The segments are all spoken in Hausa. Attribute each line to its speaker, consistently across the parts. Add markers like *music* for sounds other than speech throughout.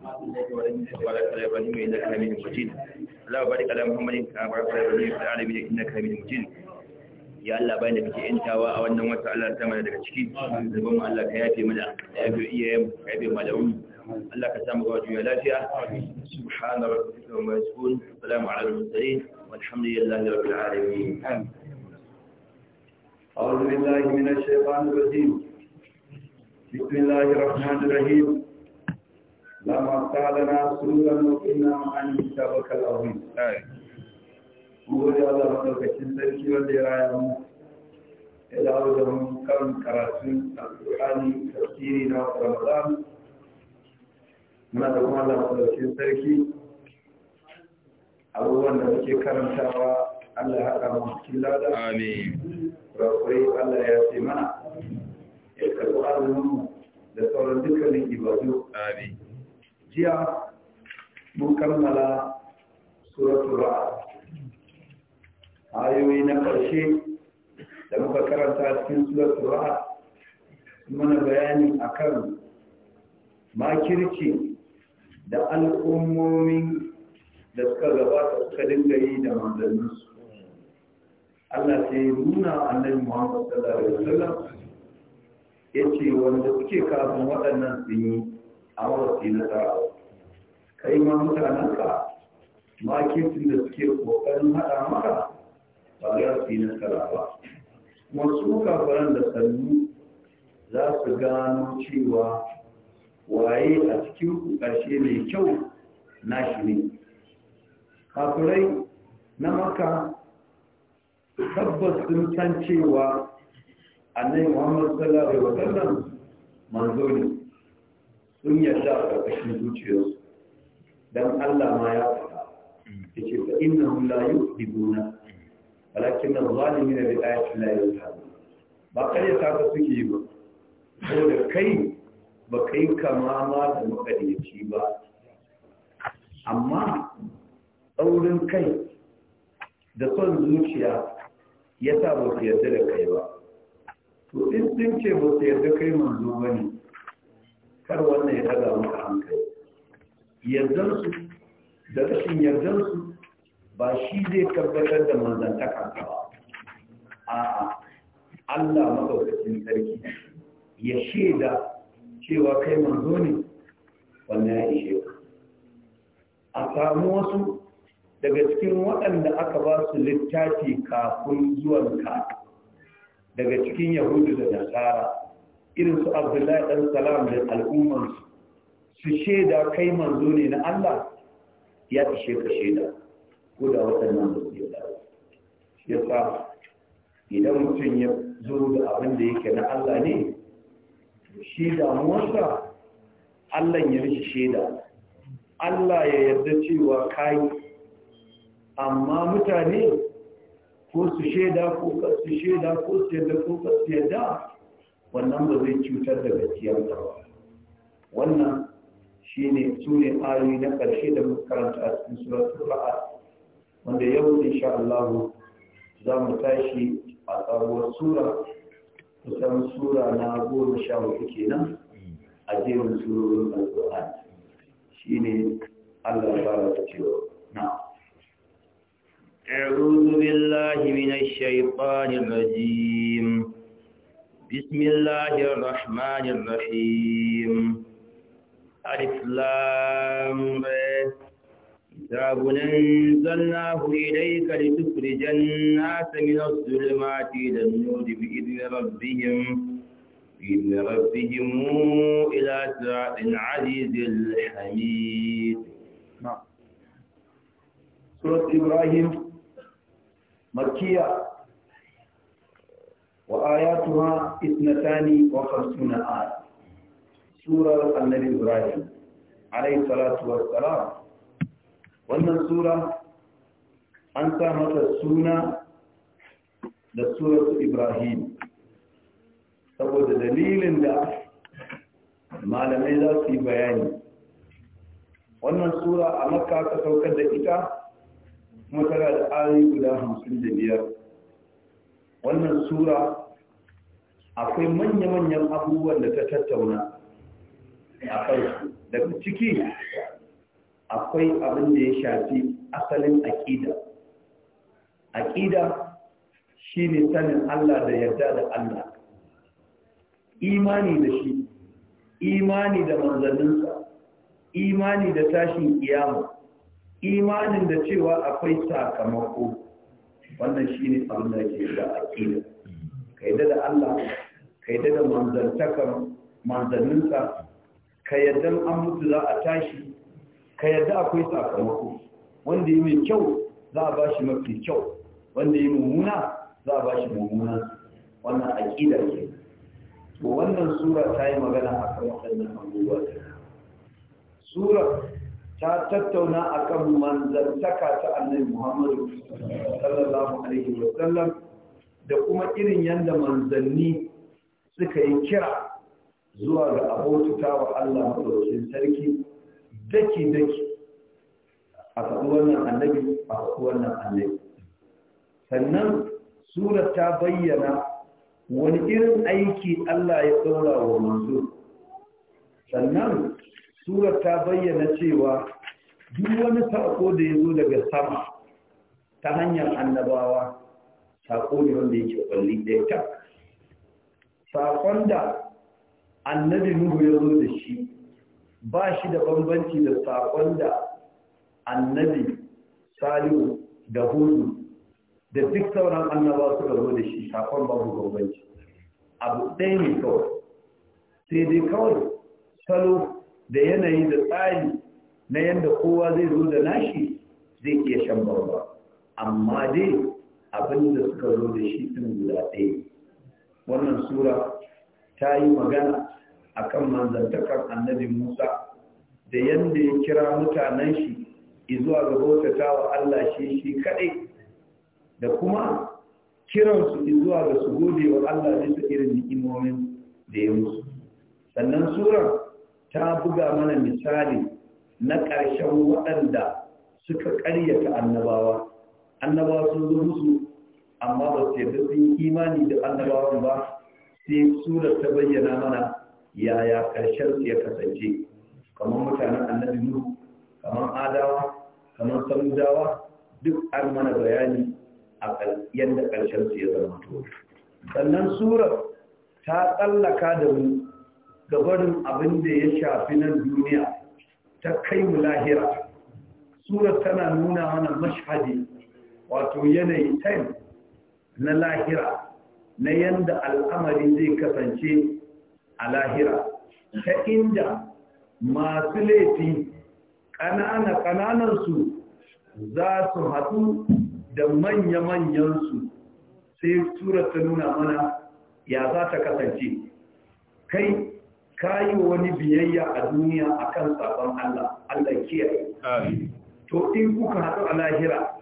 Speaker 1: وبارك ya Allah bayan da kake a wannan wata Allah ta mana daga ciki zuban Allah ka yafe mana yafe iyayen ka yafe malamu Allah ka samu ga wajen lafiya subhana rabbika wa yasbun salamu ala al-mursalin walhamdulillahi rabbil alamin لما قالنا سرورا وقنا عن كتابك العظيم gode Allah madaukakin sarki wanda ya raya mu da mu kan karatun alƙur'ani tafsiri na Ramadan muna da kuma Allah sarki abubuwan da muke karantawa Allah ya haɗa mu cikin lada amin Allah ya ce mana ya karɓi azumin da sauran dukkanin ibadu jiya mun kammala suratul ra'a, ayoyi na ƙarshe da muka karanta cikin suratul ra'd muna bayani akan makirci da al'ummomin da suka gabata suka dinga yi da manzanninsu Allah sai nuna annabi Muhammad sallallahu alaihi wasallam ce wanda suke kafin waɗannan sun yi a wasu nasara kai ma mutanenka tun da suke ƙoƙarin haɗa maka ba za su yi nasara ba kuma su kafaran da sannu za su gano cewa waye a cikin ƙarshe mai kyau nashi ne kafirai na maka tabbas sun san cewa annai muhammad sallallahu alaihi sallam manzo ne sun yarda a ƙarƙashin zuciyarsu dan Allah ma ya faɗa yace fa innahum la yu'minuna walakin ne da bi ayati la yu'minun ba kare ta ka suke yi ba da kai ba kai kama ma da makadaici ba amma tsaurin kai da son zuciya ya sa ba su yarda da kai ba to in sun ce ba su yarda kai manzo ba ne kar wannan ya daga maka hankali yardansu da rashin yardansu ba shi zai tabbatar da manzantaka ba a'a Allah madaukakin sarki ya shaida cewa kai manzo ne wannan ya ishe a samu wasu daga cikin waɗanda aka ba su littafi kafin zuwanka daga cikin yahudu da nasara irin su abdullahi ɗan salam da al'ummarsu su shaida kai manzo ne na Allah ya ishe ka shaida ko da waɗannan da su da ya sa idan mutum ya zo da abin da yake na Allah ne shi damuwarsa Allah ya rishi shaida Allah ya yarda cewa kai amma mutane ko su shaida ko su shaida ko su yarda ko su yarda wannan ba zai cutar da gaskiyar ba wannan su ne ayoyi na karshe da muka karanta a cikin suratul ra'd wanda yau insha Allah za mu tashi a sabuwar sura kusan sura na goma sha hudu kenan a jerin surorin shi ne Allah ya fara da cewa na أعوذ بالله من الشيطان الرجيم بسم الله الرحمن الرحيم ألف لام كتاب أنزلناه إليك لتخرج الناس من الظلمات إلى النور بإذن ربهم بإذن ربهم إلى سراط العزيز الحميد نعم سورة إبراهيم مكية وآياتها اثنتان وخمسون آية surar annabi ibrahim alaihi salatu wassalam wannan sura an sa mata suna da suratu ibrahim saboda dalilin da malamai za su yi bayani wannan sura a maka aka saukar da ita kuma tana da ayoyi guda hamsin da biyar wannan sura akwai manya-manyan abubuwan da ta tattauna akwai daga ciki akwai abin da ya shafi asalin aƙida aƙida shi ne sanin Allah da yarda da Allah imani da shi imani da manzanninsa imani da tashin kiyama imanin da cewa akwai sakamako wannan shi ne abin da ke da aƙida ka yi da Allah ka yi da manzantakar manzanninsa ka yadda an mutu za a tashi ka yadda akwai sakamako wanda yi mai kyau za a bashi mafi kyau wanda yi mummuna za a bashi mummuna wannan aƙida ke to wannan sura ta yi magana a kan waɗannan abubuwa sura ta tattauna akan manzantaka ta annabi Muhammadu sallallahu alaihi wa sallam da kuma irin yadda manzanni suka yi kira zuwa ga abokita wa Allah madaukakin sarki daki daki a faɗi wannan annabi a faɗi wannan annabi sannan sura ta bayyana wani irin aiki Allah ya ɗaura wa manzo sannan sura ta bayyana cewa duk wani saƙo da ya zo daga sama ta hanyar annabawa saƙo ne wanda yake kwalli ɗaya ta saƙon da annabi nuhu ya zo da shi ba shi da bambanci da sakon da annabi salihu da hudu da duk sauran annaba suka zo da shi sakon babu bambanci abu ɗaya ne kawai sai dai kawai salo da yanayi da tsari na yadda kowa zai zo da nashi zai iya shan barba amma dai abin da suka zo da shi ɗin guda ɗaya wannan sura ta yi magana akan manzantakar annabi Musa da yanda ya kira mutanen shi izuwa ga bautata wa Allah shi shi kaɗai da kuma kiransu izuwa ga su gode wa Allah bisa irin ni'imomin da ya musu sannan surar ta buga mana misali na ƙarshen waɗanda suka ƙaryata annabawa annabawa sun zo musu amma ba su yarda sun imani da annabawan ba sai surar ta bayyana mana yaya karshen su ya kasance kamar mutanen annabi nuhu kamar adawa kamar samudawa duk an mana bayani a yadda karshen su ya zama to sannan surar ta tsallaka da mu gabarin abin da ya shafi nan duniya ta kai mu lahira surar tana nuna mana mashhadi wato yanayi time na lahira na yadda al'amari zai kasance a lahira ta inda masu laifi ƙanana-ƙananansu za su haɗu da manya-manyansu sai tura ta nuna mana ya za ta kasance kai kayi wani biyayya a duniya akan sabon Allah Allah kiyaye to in kuka haɗu a lahira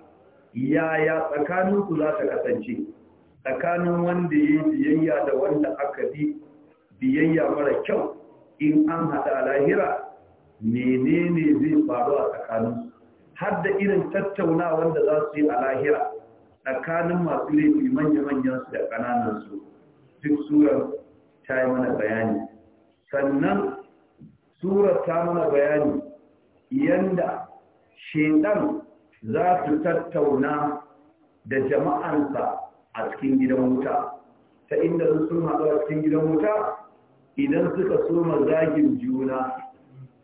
Speaker 1: yaya tsakaninku za ta kasance tsakanin wanda ya biyayya da wanda aka bi biyayya mara kyau in an hada lahira menene zai faru a tsakanin har da irin tattaunawar da za su yi a lahira tsakanin masu laifi manya-manyan su da ƙananan su duk surar ta yi mana bayani sannan surar ta mana bayani yanda shaidan za su tattauna da jama'ansa a cikin gidan wuta ta inda sun haɗu a cikin gidan wuta idan suka soma zagin juna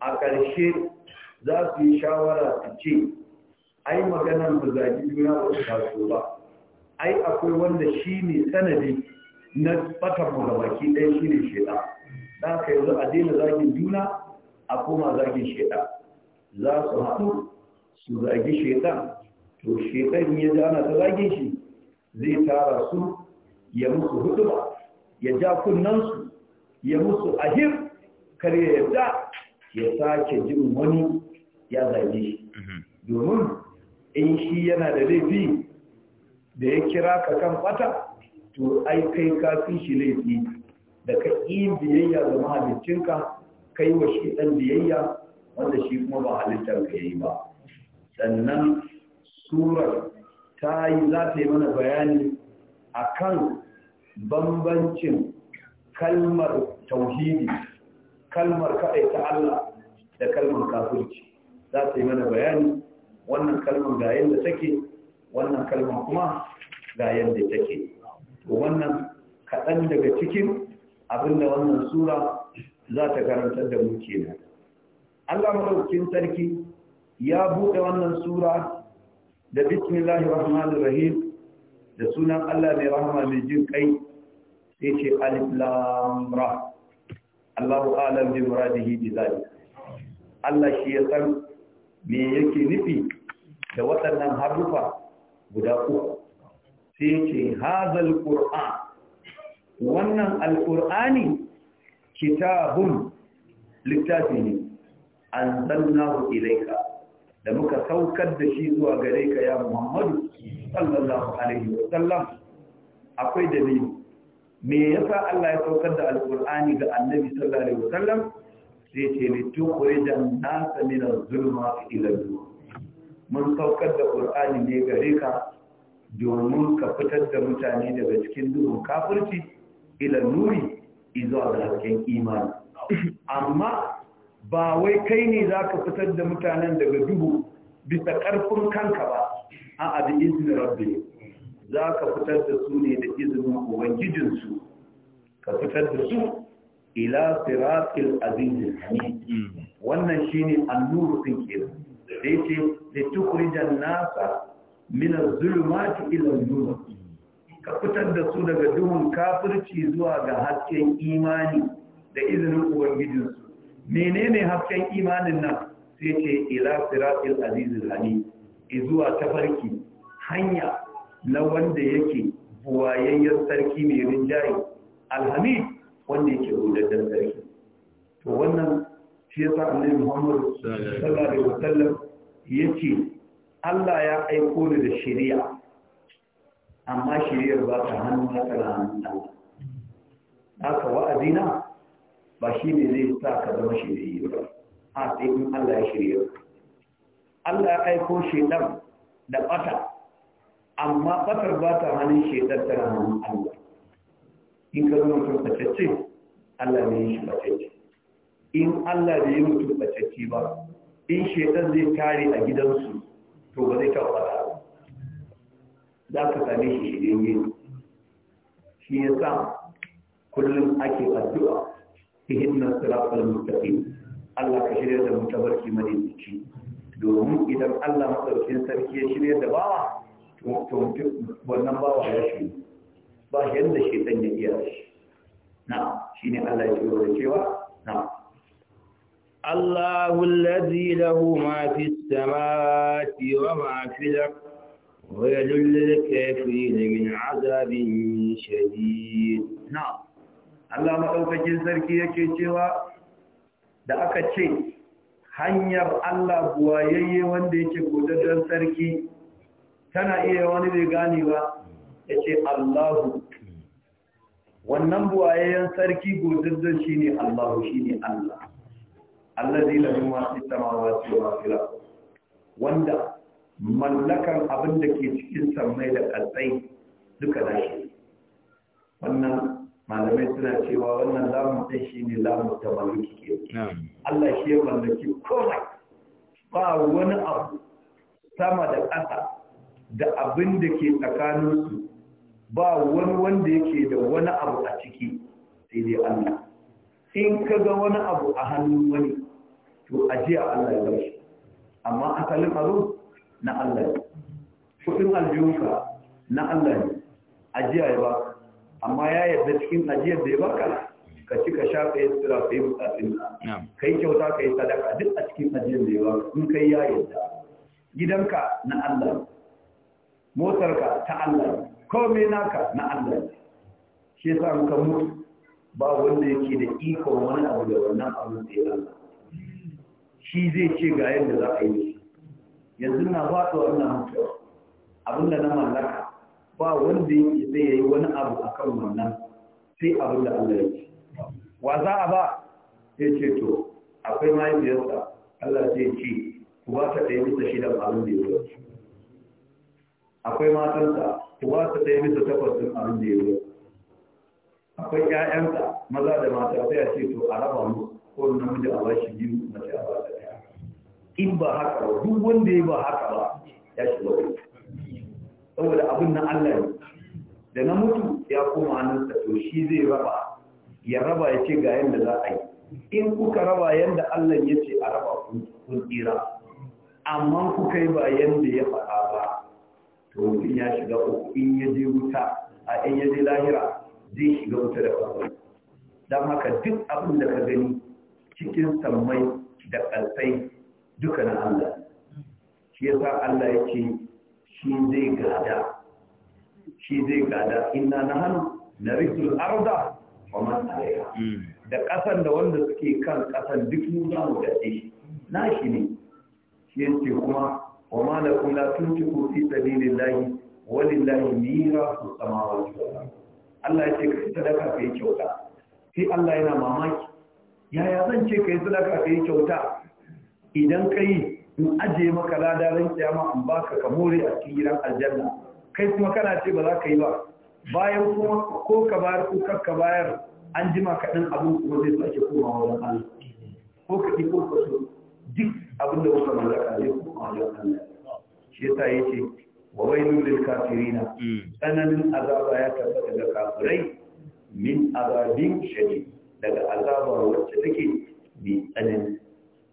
Speaker 1: a ƙarshe za su yi shawara su ce ai maganar mu zagi juna ba su taso ba ai akwai wanda shi ne sanadi na fatan mu gabaki ɗaya shi ne sheda da ka yanzu a daina zagin juna a koma zagin sheda za su haɗu su zagi sheda to shedan ya ji ta zagin shi zai tara su ya musu hudu ya ja kunnansu ya musu ahir kar ya yarda ya sake jin wani ya zage shi mhm. domin in shi yana da laifi da ya kira ka kan fata to ai kai ka shi laifi da ka yi biyayya ga mahalicinka kai wa shi ɗan biyayya wanda shi kuma ba halittar ka yi ba sannan surar ta yi za ta yi mana bayani a kan bambancin kalmar tauhidi kalmar kaɗai ta Allah da kalmar kafirci za ta yi mana bayani wannan kalmar ga yadda take wannan kalmar kuma ga yadda take to wannan kaɗan daga cikin abinda wannan sura za ta karantar da mu kenan Allah madaukakin sarki ya buɗe wannan sura da bismillahir rahmanir rahim da sunan Allah mai rahama mai jin kai sai ce alif lam ra Allahu alam bi muradihi bi zalika Allah shi ya san me yake nufi da waɗannan harufa guda uku sai yake hazal qur'an wannan alqur'ani kitabun littafi ne anzalnahu ilayka da muka saukar da shi zuwa gare ka ya Muhammadu sallallahu alaihi wa sallam akwai dalili me yasa Allah ya saukar da alkur'ani ga annabi sallallahu alaihi wasallam sai ce ne da nasa min zulma ila nur mun saukar da Alqur'ani ne gare ka domin ka fitar da mutane daga cikin duhun kafirci ila nuri izuwa da hasken imani amma ba wai kai ne zaka fitar da mutanen daga duhu bisa ƙarfin kanka ba a abin izinin rabbi za ka fitar da su ne da izinin ubangijinsu ka fitar da su ila siratil azizil hamid wannan shine annuru din ke da ce da tukhrijan nasa min az-zulumati ila an-nur ka fitar da su daga duhun kafirci zuwa ga hasken imani da izinin ubangijinsu menene hasken imanin nan sai ce ila siratil azizil hamid izuwa tafarki hanya na wanda yake buwayayyar sarki mai rinjaye alhamid wanda yake rudaddar sarki to wannan shi yasa annabi Muhammad sallallahu alaihi wasallam yace Allah ya aiko ni da shari'a amma shari'ar ba ta hannu na hannun Allah haka wa'azina ba shi ne zai sa ka zama shari'a ba a sai in Allah ya shari'a Allah ya aiko shaitan da ɓata. amma fakar ba ta hannun shekar tana hannun Allah in ka zama mutum fatacce Allah ne shi fatacce in Allah da yi mutum fatacce ba in shekar zai kare a gidansu to ba zai taɓa ba za ka same shi shi ne shi ya sa kullum ake addu'a ihinna sirafal mustaqim Allah ka shirya da mutabarki madinci domin idan Allah matsaukin sarki ya shirya da bawa to wannan bawa ya shi ba shi yadda shaitan ya iya shi na shi ne Allah ya tsoro cewa na الله الذي له ما في السماوات وما في الأرض ويذل للكافرين من عذاب شديد نعم Allah maɗaukakin sarki yake cewa da aka ce hanyar Allah buwayayye wanda yake don sarki tana iya wani bai gane ba ya ce Allahu wannan buwayayyen sarki godin shi ne Allahu shi ne Allah Allah zai lafi masu samawa su mafila wanda mallakan abin da ke cikin sammai da ƙasai duka da shi wannan malamai suna cewa wannan lamun ɗin shi ne lamun ta mallaki ke Allah shi ya mallaki komai ba wani abu sama da ƙasa da abin da ke tsakaninsu ba wani wanda yake da wani abu a ciki sai dai Allah in ka ga wani abu a hannun wani to ajiya Allah ya bar shi amma asalin abu na Allah ne kudin aljihunka na Allah ne ajiya ya baka amma ya yarda cikin ajiyar da ya baka ka ci ka ya ka yi sura ka yi bukatun ka yi kyauta ka yi sadaka duk a cikin ajiyar da ya baka in kai ya yarda gidanka na Allah motarka ta Allah komai naka na Allah shi yasa an ka mutu ba wanda yake da iko wani abu da wannan abu da ya Allah shi zai ce ga yadda za a yi yanzu na faɗo wannan mutu abin da na mallaka ba wanda yake zai yi wani abu akan wannan sai abin da Allah ya ce wa za a ba ya ce to akwai mahaifiyarsa Allah zai ce ku ba ta ɗaya bisa da abin da ya ce akwai matansa ku ba su ɗaya bisa takwas ɗin abin da ya yi akwai ƴaƴansa maza da mata sai a ce to a raba mu ko namiji a bashi biyu mace a ba ta ɗaya in ba haka ba duk wanda ya ba haka ba ya shiga wani saboda abin na Allah ne da na mutu ya koma ta to shi zai raba ya raba ya ce ga yadda za a yi in kuka raba yadda Allah ya ce a raba kun tsira amma kuka yi ba yadda ya faɗa ba to mutum ya shiga uku in ya je wuta a in ya je lahira zai shiga wuta da farko don haka duk abin da ka gani cikin sammai da ƙarfai duka na Allah shi yasa Allah ya ce shi zai gada shi zai gada inna na hannu na rikul arda wa man hmm. da ƙasan da wanda suke kan ƙasan duk mu za mu gaje shi na shi ne shi yace kuma وما لكم لا تنفقوا في سبيل الله ولله ميراث السماوات والارض Allah ya ce ka yi sadaka ka yi kyauta sai Allah yana mamaki yaya zan ce ka yi sadaka ka yi kyauta idan ka yi in ajiye maka lada ran kiyama in baka ka more a cikin gidan aljanna kai kuma kana ce ba za ka yi ba bayan kuma ko ka bayar ko kar ka bayar an jima kaɗan abin kuma zai sake komawa wurin Allah ko ka ko ka so duk abin da kuka mallaka zai kuma wajen Allah shi yasa ce, wa wailul lil kafirina mm. tsananin azaba ya tabbata ga kafirai min azabin shadid daga azaba wacce take mai tsanani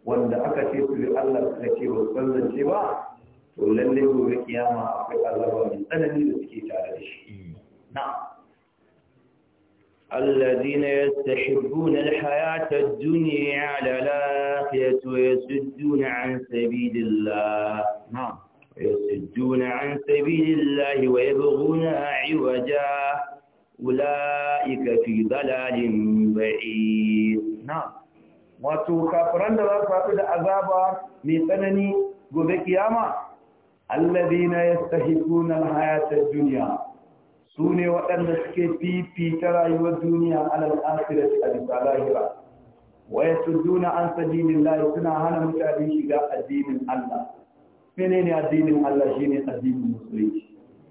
Speaker 1: wanda aka ce su Allah ta ce ba su zance ba to lallai gobe kiyama akwai azaba mai tsanani da suke tare da shi mm. na. الذين يستحبون الحياة الدنيا على الآخرة ويسدون عن سبيل الله نعم ويسدون عن سبيل الله ويبغونها عوجا أولئك في ضلال بعيد نعم واتو kafiran دوا فاقد su haɗu قبك ياما الذين يستحبون الحياة الدنيا su ne waɗanda suke fifita rayuwar duniya alal akhirati a bisa lahira su yasudduna an sabilillahi suna hana mutane shiga addinin Allah ne addinin Allah shine addinin musulunci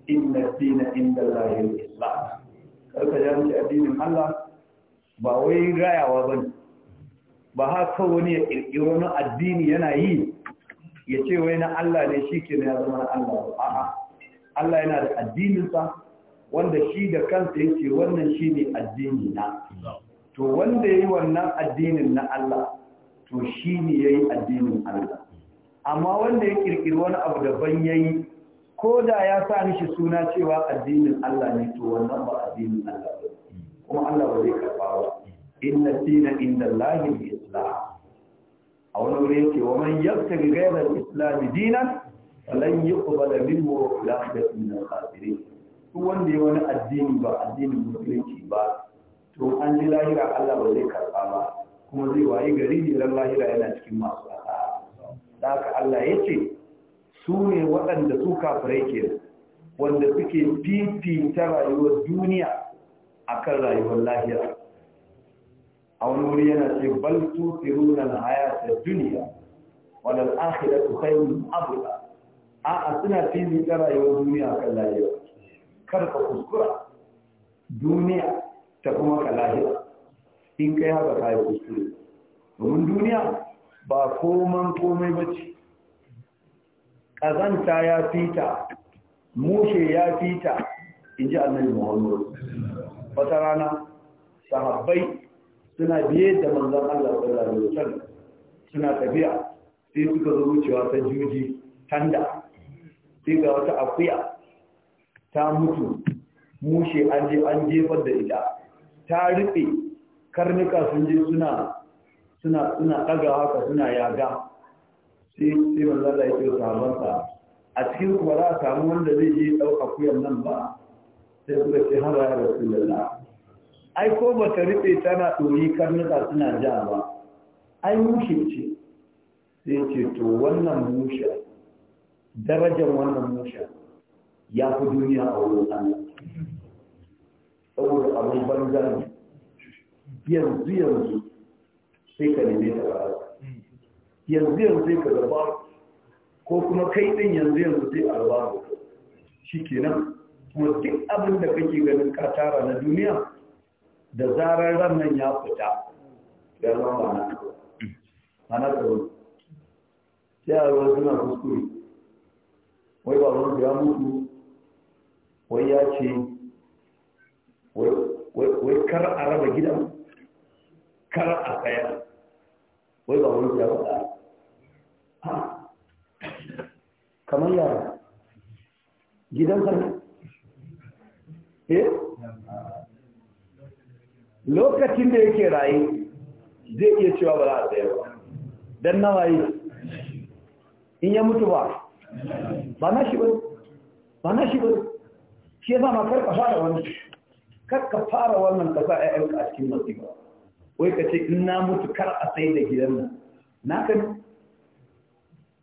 Speaker 1: inna dina inda Allahil Islam karka ja miki addinin Allah ba wai rayawa ne. ba haka wani ya kirkiro na addini yana yi ya ce wai na Allah ne shikenan ya zama na Allah a'a Allah yana da addininsa wanda shi da kansa yake wannan shi ne addini na to wanda ya yi wannan addinin na Allah to shi ne ya yi addinin Allah amma wanda ya kirkiri wani abu daban ya yi ko da ya sa mishi suna cewa addinin Allah ne to wannan ba addinin Allah ba kuma Allah ba zai karɓa ba inna dina inda Allah islam a wani wuri yake wa man yabtaga ghayra al-islam dinan falan yuqbala minhu wa huwa min al-khasirin duk wanda ya wani addini ba addinin musulunci ba to an ji lahira Allah ba zai karɓa ba kuma zai waye gari ne ran lahira yana cikin masu ƙasa da haka Allah ya ce su ne waɗanda su kafirai ke wanda suke fifita rayuwar duniya akan rayuwar lahira a wani wuri yana ce bal ta duniya. hayata dunya wal akhiratu khayrun a a'a suna fifita rayuwar duniya akan lahira kar ka kuskura duniya ta kuma ka lahira in kai haka ka yi kuskure domin duniya ba koman komai ba ce ƙazanta ya fita mushe ya fita in ji annabi muhammadu wata rana sahabbai suna biye da manzan allah da alaihi suna tafiya sai suka zo wucewa ta juji tanda sai ga wata akuya ta mutu mushe an je an jefar da ita ta rufe karnuka sun je suna suna suna daga haka suna yaga sai sai manzo Allah ya ce sahabansa a cikin kuma za a samu wanda zai je dauka kuyan nan ba sai kuma sai har ya rasulullah ai ko ba ta rufe tana ɗoyi karnuka suna ja ba ai mushe ce sai ce to wannan mushe darajar wannan mushe ya fi duniya a wurin Allah saboda abin banza ne yanzu yanzu sai ka neme ta ba yanzu yanzu sai ka zaba ko kuma kai ɗin yanzu yanzu sai a zaba shi kenan kuma duk abin da kake ganin ka tara na duniya da zarar ran nan ya fita ya zama ba na ana tsaro sai a ruwan suna kuskure wai ba wani ya mutu wai ya ce wai kar a raba gidan kar a kaya wai ba wani ya faɗa kamar yara gidan sarki eh lokacin da yake raye zai iya cewa ba za a tsaya ba don nawa yi in ya mutu ba ba na shi ba ba na shi ba shi yasa ma karka fara wannan karka fara wannan ka sa ƴaƴanka a cikin masifa wai ka ce in na mutu kar a sai da gidan nan ka ne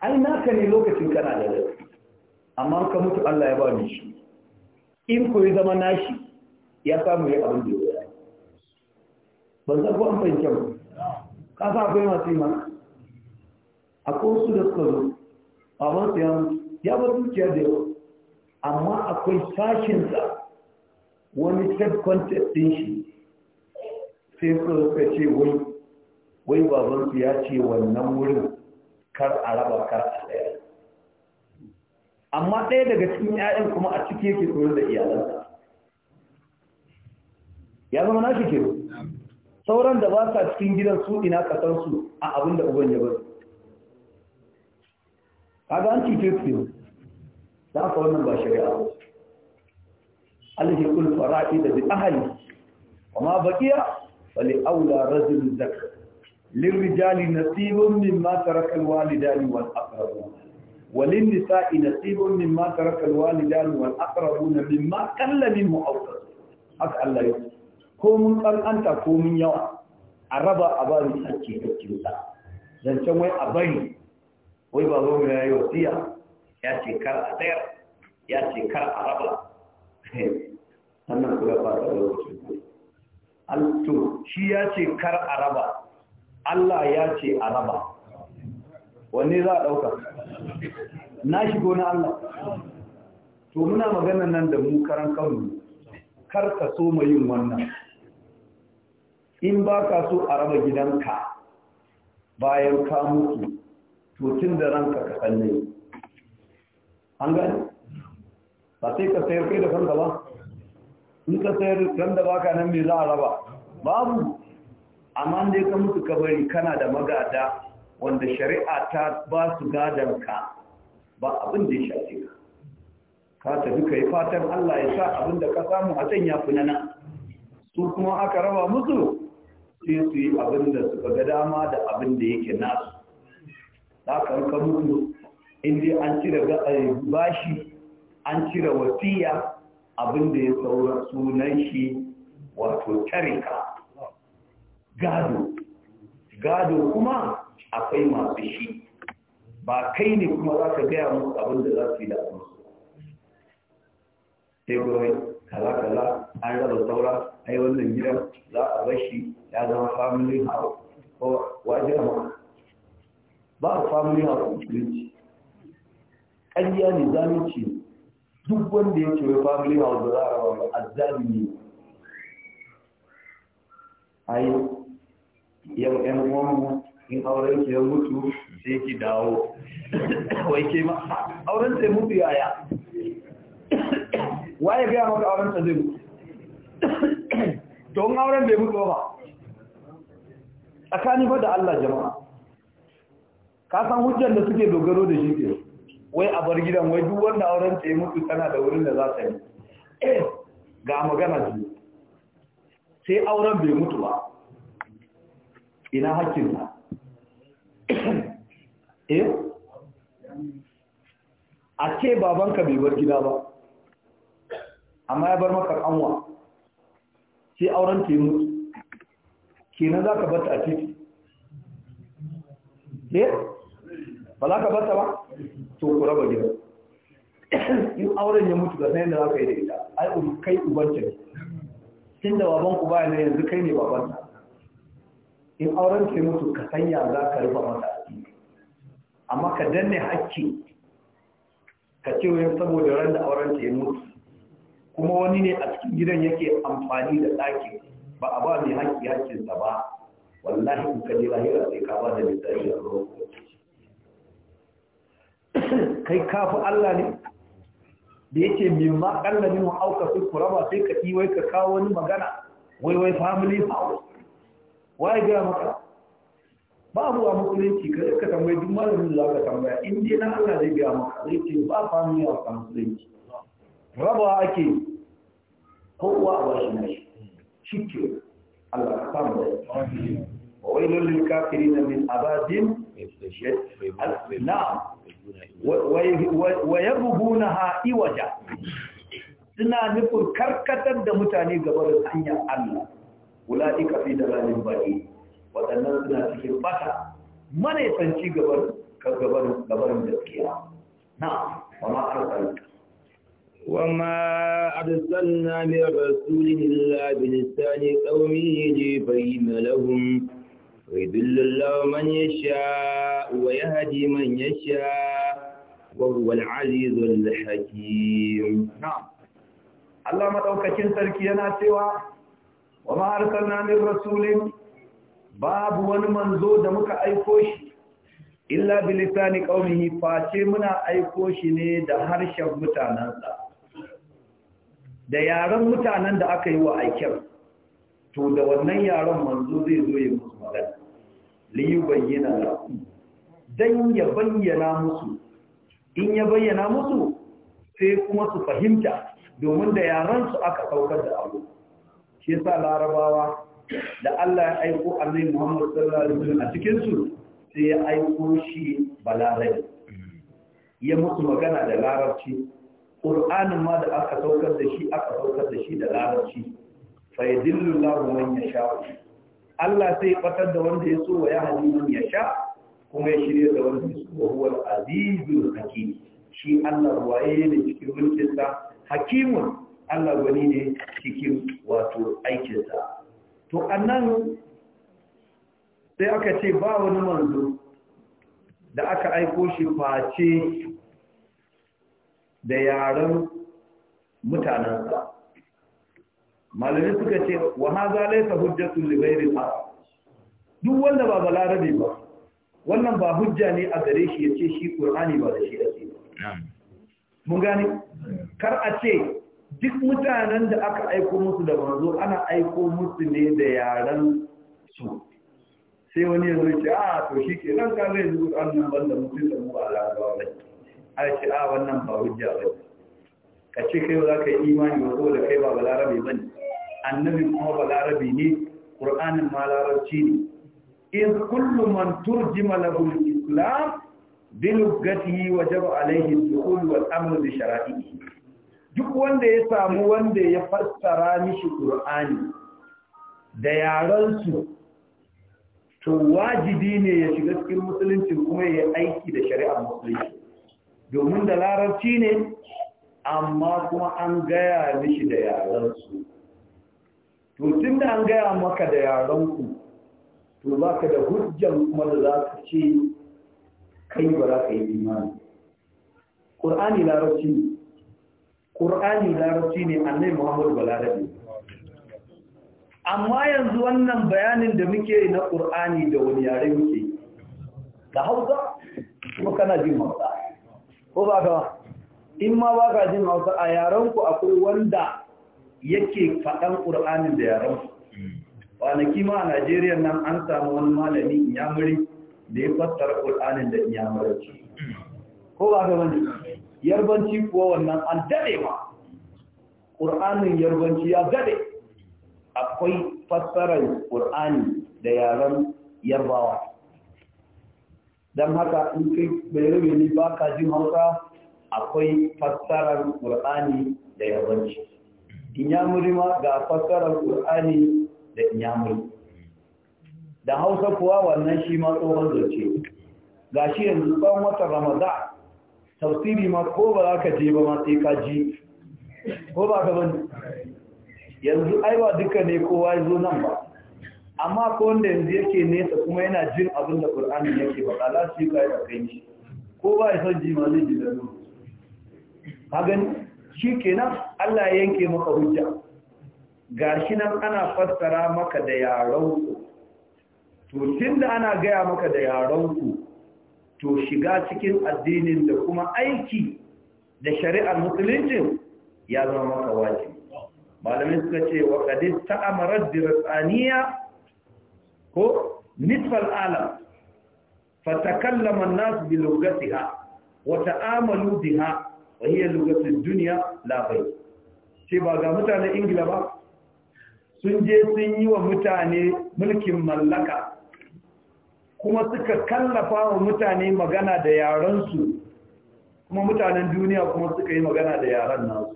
Speaker 1: ai ka ne lokacin kana da rai amma ka mutu Allah ya ba ni shi in ku yi zama nashi ya samu ya abin da ya yi ban san ko an fahimta ba ka sa akwai masu yi akwai wasu da suka zo a wasu ya mutu ya bar dukiya da yawa amma akwai da wani subcontent ɗin shi sai suka ce wai wai babansu ya ce wannan wurin kar a raba kar a tsaya amma ɗaya daga cikin 'ya'yan kuma a ciki yake koyar da iyalansa ya zama na shi sauran da ba sa cikin gidan su ina kasarsu a abin da uban ya bari kaga an cike su da haka wannan ba shari'a ba alhi kul fara'i da bi ahli amma baqiya fali aula rajul zakr للرجال نصيب مما ترك الوالدان والأقربون وللنساء نصيب مما ترك الوالدان والأقربون مما قل منه أو كثر haka Allah ya ko mun ƙanƙanta ko mun yawa a raba a bari sarki sarki da zancen wai a bari wai ba zo ya yi wasiya ya ce kar a tsayar ya ce kar a raba sannan kuma ba da lokacin to shi ya ce kar a raba Allah ya ce a raba wanne za a ɗauka na shigo na Allah to muna magana nan da mu karan kanmu kar ka so mai yin wannan in ba ka so a raba gidanka bayan ka mutu to tun da ranka ka sanne an ba sai ka sayar kai da kanka ba ka sayar kan da baka nan me za raba babu amma dai ka mutu kabari kana da magada wanda shari'a ta ba su gadon ka ba abin da ya shafi ka ka tafi ka yi fatan Allah ya sa abin da ka samu a can ya fi su kuma aka raba musu sai su yi abin da suka ga dama da abin da yake nasu da kan ka mutu inda an cire eh, bashi an cire wasiya abinda ya saura sunan shi wato tarika gado gado kuma akwai masu shi ba kai ne kuma za ka gaya musu abinda za su yi da su sai kuma kala-kala an raba saura yi wannan gidan za a bar shi ya zama family house ko wajen ba family house ƙarya ne zamunci duk wanda ya ce wai family house da za a rawa azzali ne ai yan yan uwanmu in auren ke ya mutu sai ki dawo wai ke ma auren sai mutu yaya waye gaya maka auren sa zai mutu to in auren bai mutu ba tsakani ba da Allah jama'a ka san hujjar da suke dogaro da shi ke wai a bar gidan wai duk wanda auren ta yi mutu tana da wurin da za ta yi eh, ga magana biyu sai auren bai mutu ba ina hakkinsa *coughs* eh a ce babanka bai bar gida ba amma ya bar maka kanwa sai auren ta yi mutu kenan za ka bata a titi eh ba za ka bata ba to ku raba gida in auren ya mutu ga sanin da za ka yi da ita ai ubu kai ubanta ne tun da baban ku baya ne yanzu kai ne baban ta in auren ke mutu ka sanya za ka rufa mata amma ka danne hakki ka ce wani saboda ran da auren ke mutu kuma wani ne a cikin gidan yake amfani da ɗaki ba a ba mai haƙƙi haƙƙinsa ba wallahi in ka je lahira sai ka ba da misali a ruwan kai kafi Allah ne da yake mimma kalla min auka fi kuraba sai ka yi wai ka kawo wani magana wai wai family house wai ga maka babu wa musulunci ka ka tambaye duk malamin da ka tambaya in dai na Allah zai ga maka zai ce ba family house a musulunci raba ake kowa a bashi na shi shi Allah ka samu da wa wai wailul lil kafirin min azabin na? wa yabghunaha iwaja suna nufin karkatar da mutane da hanyar Allah ulaika fi dalalin bari wadannan suna cikin bata manaifanci gabarin gabarin gabarin gaskiya na wa ma arsalta وما أرسلنا من رسول إلا بلسان قومه ليبين لهم ويدل الله من يشاء ويهدي من يشاء وهو العزيز الحكيم نعم muka aiko shi illa bi lisani qawmihi fa ce muna aiko shi ne da harshen mutanen sa da yaran mutanen da aka yi wa aikin to da wannan yaran manzo zai zo ya magana liyubayyana lahum dan ya bayyana musu in ya bayyana musu sai kuma su fahimta domin da yaran su aka saukar da abu shi yasa larabawa da Allah ya aiko annabi Muhammad sallallahu alaihi wasallam a cikin su sai ya aiko shi balarai ya musu magana da larabci Qur'anin ma da aka saukar da shi aka saukar da shi da larabci fa yadillu Allahu man yasha'u Allah sai fatar da wanda ya so wa ya halimin ya sha kuma ya shirya da wanda ya so wa azizul hakim shi Allah waye ne cikin sa hakimun Allah gwani ne cikin wato aikinsa to annan sai aka ce ba wani manzo da aka aiko shi face da yaren mutanensa malamai suka ce wa haza laysa hujjatun li ba duk wanda ba Balarabi ba wannan ba hujja ne a gare shi yace shi qur'ani ba da shi da ce mun gane kar a ce duk mutanen da aka aiko musu da manzo ana aiko musu ne da yaran su sai wani yanzu ce a ah, to shi ke nan ka zai zuwa annan banda mutum da mu ba larabawa ba a ce a ah, wannan ba hujja ba ka ce kai za ka yi imani ba da kai ba balarabe ba ne annabi kuma balarabi ne ƙur'anin ma larabci ne in kullu man turjima lahu al-islam bi lughatihi wajaba alayhi dukhul wal amr bi shara'ihi duk wanda ya samu wanda ya fassara mishi qur'ani da yaran su to wajibi ne ya shiga cikin musulunci kuma ya aiki da shari'ar musulunci domin da larabci ne amma kuma an gaya mishi da yaran su to tun da an gaya maka da yaranku to ba ka da hujjan kuma da za ka ce kai ba za ka yi imani ƙur'ani larabci ne ƙur'ani larabci ne annai muhammadu Balarabi. amma yanzu wannan bayanin da muke na ƙur'ani da wani yare muke da hausa kuma kana jin hausa ko ba ka ba in ma ba ka jin hausa a yarenku akwai wanda yake faɗan ƙur'anin da yaran kwanaki ma a najeriya nan an samu wani malami inyamuri da ya fassara ƙur'anin da su, ko ba ga wani yarbanci kuwa wannan an daɗe ma ƙur'anin yarbanci ya dade, akwai fassarar ƙur'ani da yaren yarbawa don haka in kai bai ne ba ka jin hausa akwai fassarar ƙur'ani da yarbanci inyamuri ma ga fassarar ƙur'ani da inyamuri da hausa kuwa wannan shi ma tsohon zance ga shi yanzu tsawon wata ramadan tafsiri ma ko ba za ka je ba ma sai ka ji ko ba ka bani yanzu aiwa duka ne kowa ya zo nan ba amma ko wanda yanzu yake nesa kuma yana jin abin da Ƙur'ani yake ba ala shi ka yi a kai ne, ko ba ya son ji ma zai ji da nuna ka gani shi nan Allah ya yanke maka hujja Ga shi nan ana fassara maka da ku to da ana gaya maka da ku to shiga cikin addinin da kuma aiki da shari'ar musulunci ya zama maka wajibi malamin suka ce wa kadis ta'amarar dirsaniya ko nisfal alam an nas bi lughatiha wa ta'amalu biha wahiyar lugatun duniya labai ce ba ga mutanen ingila ba sun je sun yi wa mutane mulkin mallaka kuma suka kallafa wa mutane magana da yarensu kuma mutanen duniya kuma suka yi magana da yaren nasu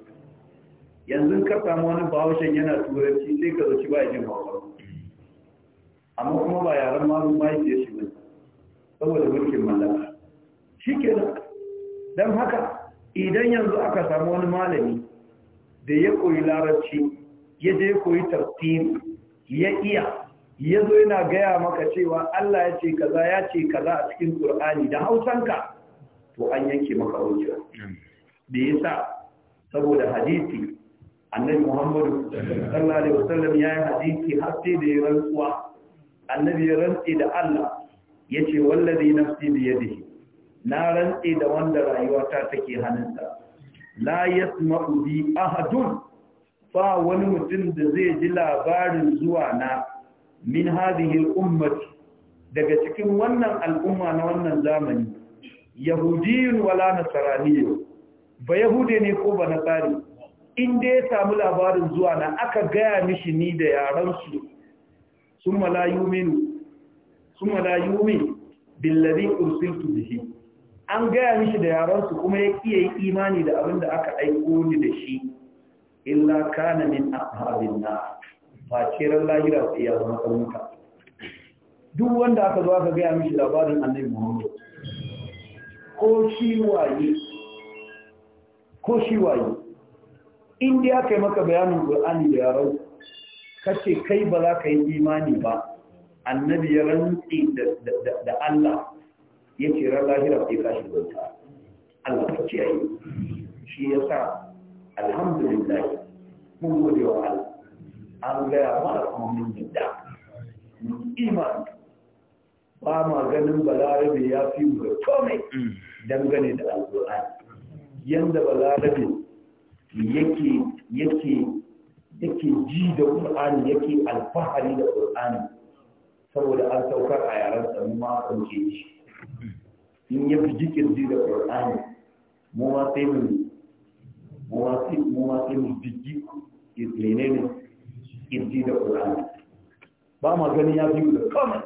Speaker 1: yanzu ka samu wani bahaushen yana turanci sai ka zaci ba jin bakwaro amma kuma ba yaren marun mahaifiyar shi ba saboda mulkin mallaka shi ke don haka idan yanzu aka samu wani malami da ya koyi larabci ya je koyi tafsiri ya iya ya zo yana gaya maka cewa Allah ya ce kaza ya ce kaza a cikin Qur'ani da Hausanka to an yanke maka hujja hmm. da yasa saboda hadisi annabi Muhammad sallallahu alaihi wasallam ya yi hadisi har sai da ya rantsuwa annabi ya rantsi da Allah yace wallazi nafsi bi yadihi na rantse da wanda rayuwata take hannunsa la yasma'u bi ahadun fa wani mutum da zai ji labarin zuwa na min hadhihi ummati daga cikin wannan al'umma na wannan zamani yahudiyun wala nasraniyyu ba yahude ne ko ba nasari in dai ya samu labarin zuwa na aka gaya mishi ni da yaran su summa la yu'minu summa la yu'min billazi ursiltu bihi an gaya mishi da yaransu kuma ya iya yi imani da abin da aka aiko ni da shi illa kana min ashabin na fakiran lahira sai ya zama tsawonka duk wanda aka zo aka gaya mishi labarin annabi muhammad ko shi waye ko shi waye in dai yi maka bayanin qur'ani da ka kace kai ba za ka yi imani ba annabi ya rantsi da Allah ya ce ran lahira sai ka shi bauta Allah ka kiyaye shi ya sa alhamdulillah mun gode wa Allah an gaya mana kuma mun yadda mun iman ba ma ganin balarabe ya fi mu da komai dangane da alƙur'ani yanda balarabe yake yake yake ji da ƙur'ani yake alfahari da ƙur'ani saboda an saukar a yaran sa mu ma kan ke ji in ya fi kirji da ƙur'ani mu ma sai mu mu ma da ba ma ya da kama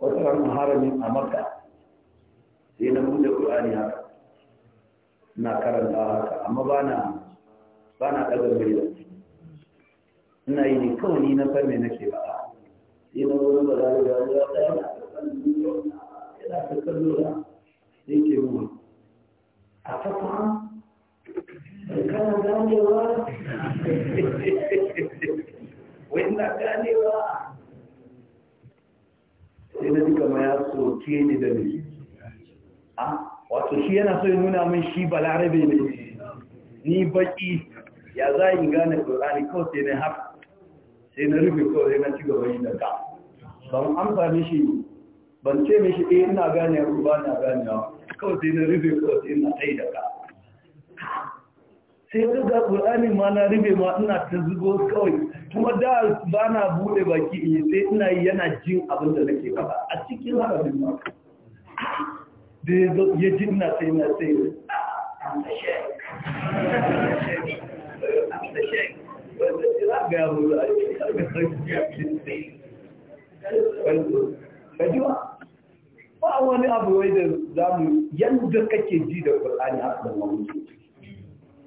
Speaker 1: wata ranar haramin a makka sai na buɗe na karanta haka amma ba na ba na murya yi na san me ba sai na da yana da kallora *laughs* sai na ya da ah, shi yana so ya nuna min shi balarabe ne ni baki ya za yi gane ƙorani kawai sai na haka sai na rufe kawai na ci gaba yi da ka ban amfani shi ban ce mishi ɗaya eh, ina gane ya ba na gane wa kawai sai na rufe kawai sai na tsaye da ka sai ka ku qur'ani ma na rufe ma ina ta zugo kawai kuma da ba na bude baki in sai ina yana jin abin da nake kafa a cikin harafin ma da ya ji ina sai ah, na sai Thank you. ba wani abu wai da za mu yanda kake ji da ƙur'ani a kan wani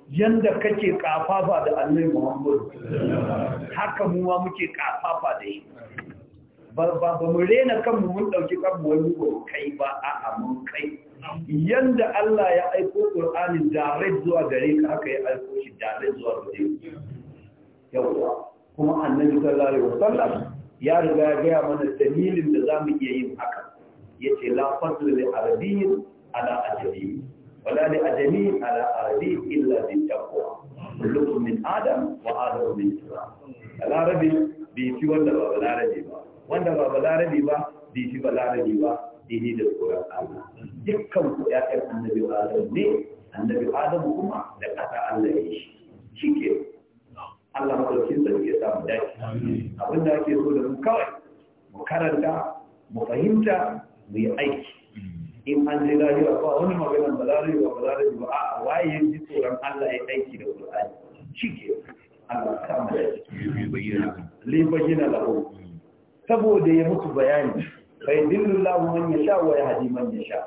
Speaker 1: yanda kake kafafa da annabi muhammadu haka mu ma muke kafafa da yi ba ba mu rena kanmu mun dauki kanmu wani kai ba a'a mun kai yanda Allah ya aiko Qur'ani dare zuwa gare ka haka ya aiko shi dare zuwa gare ka yawa kuma annabi sallallahu alaihi wasallam ya riga ya ga mana dalilin da zamu iya yin haka yace la fadlu li arabiyyin ala ajami wala da ajami ala arabi illa bi taqwa kullukum min adam wa adam min turab larabi bi fi wanda ba larabi ba wanda ba larabi ba bi fi ba larabi ba dini da tsoron Allah dukkan ku ya kai annabi adam ne annabi adam kuma da kasa Allah ya shi shike Allah madaukin sarki ya samu dace abinda ake so da mu kawai mu karanta mu fahimta mu yi aiki in an da lahira ba wani maganar ba wa ba lahira ba a waye ji tsoron Allah ya aiki da Qur'ani shi ke Allah kama da li bayyana lahu saboda ya mutu bayani fa yadillu man yasha wa yahdi man yasha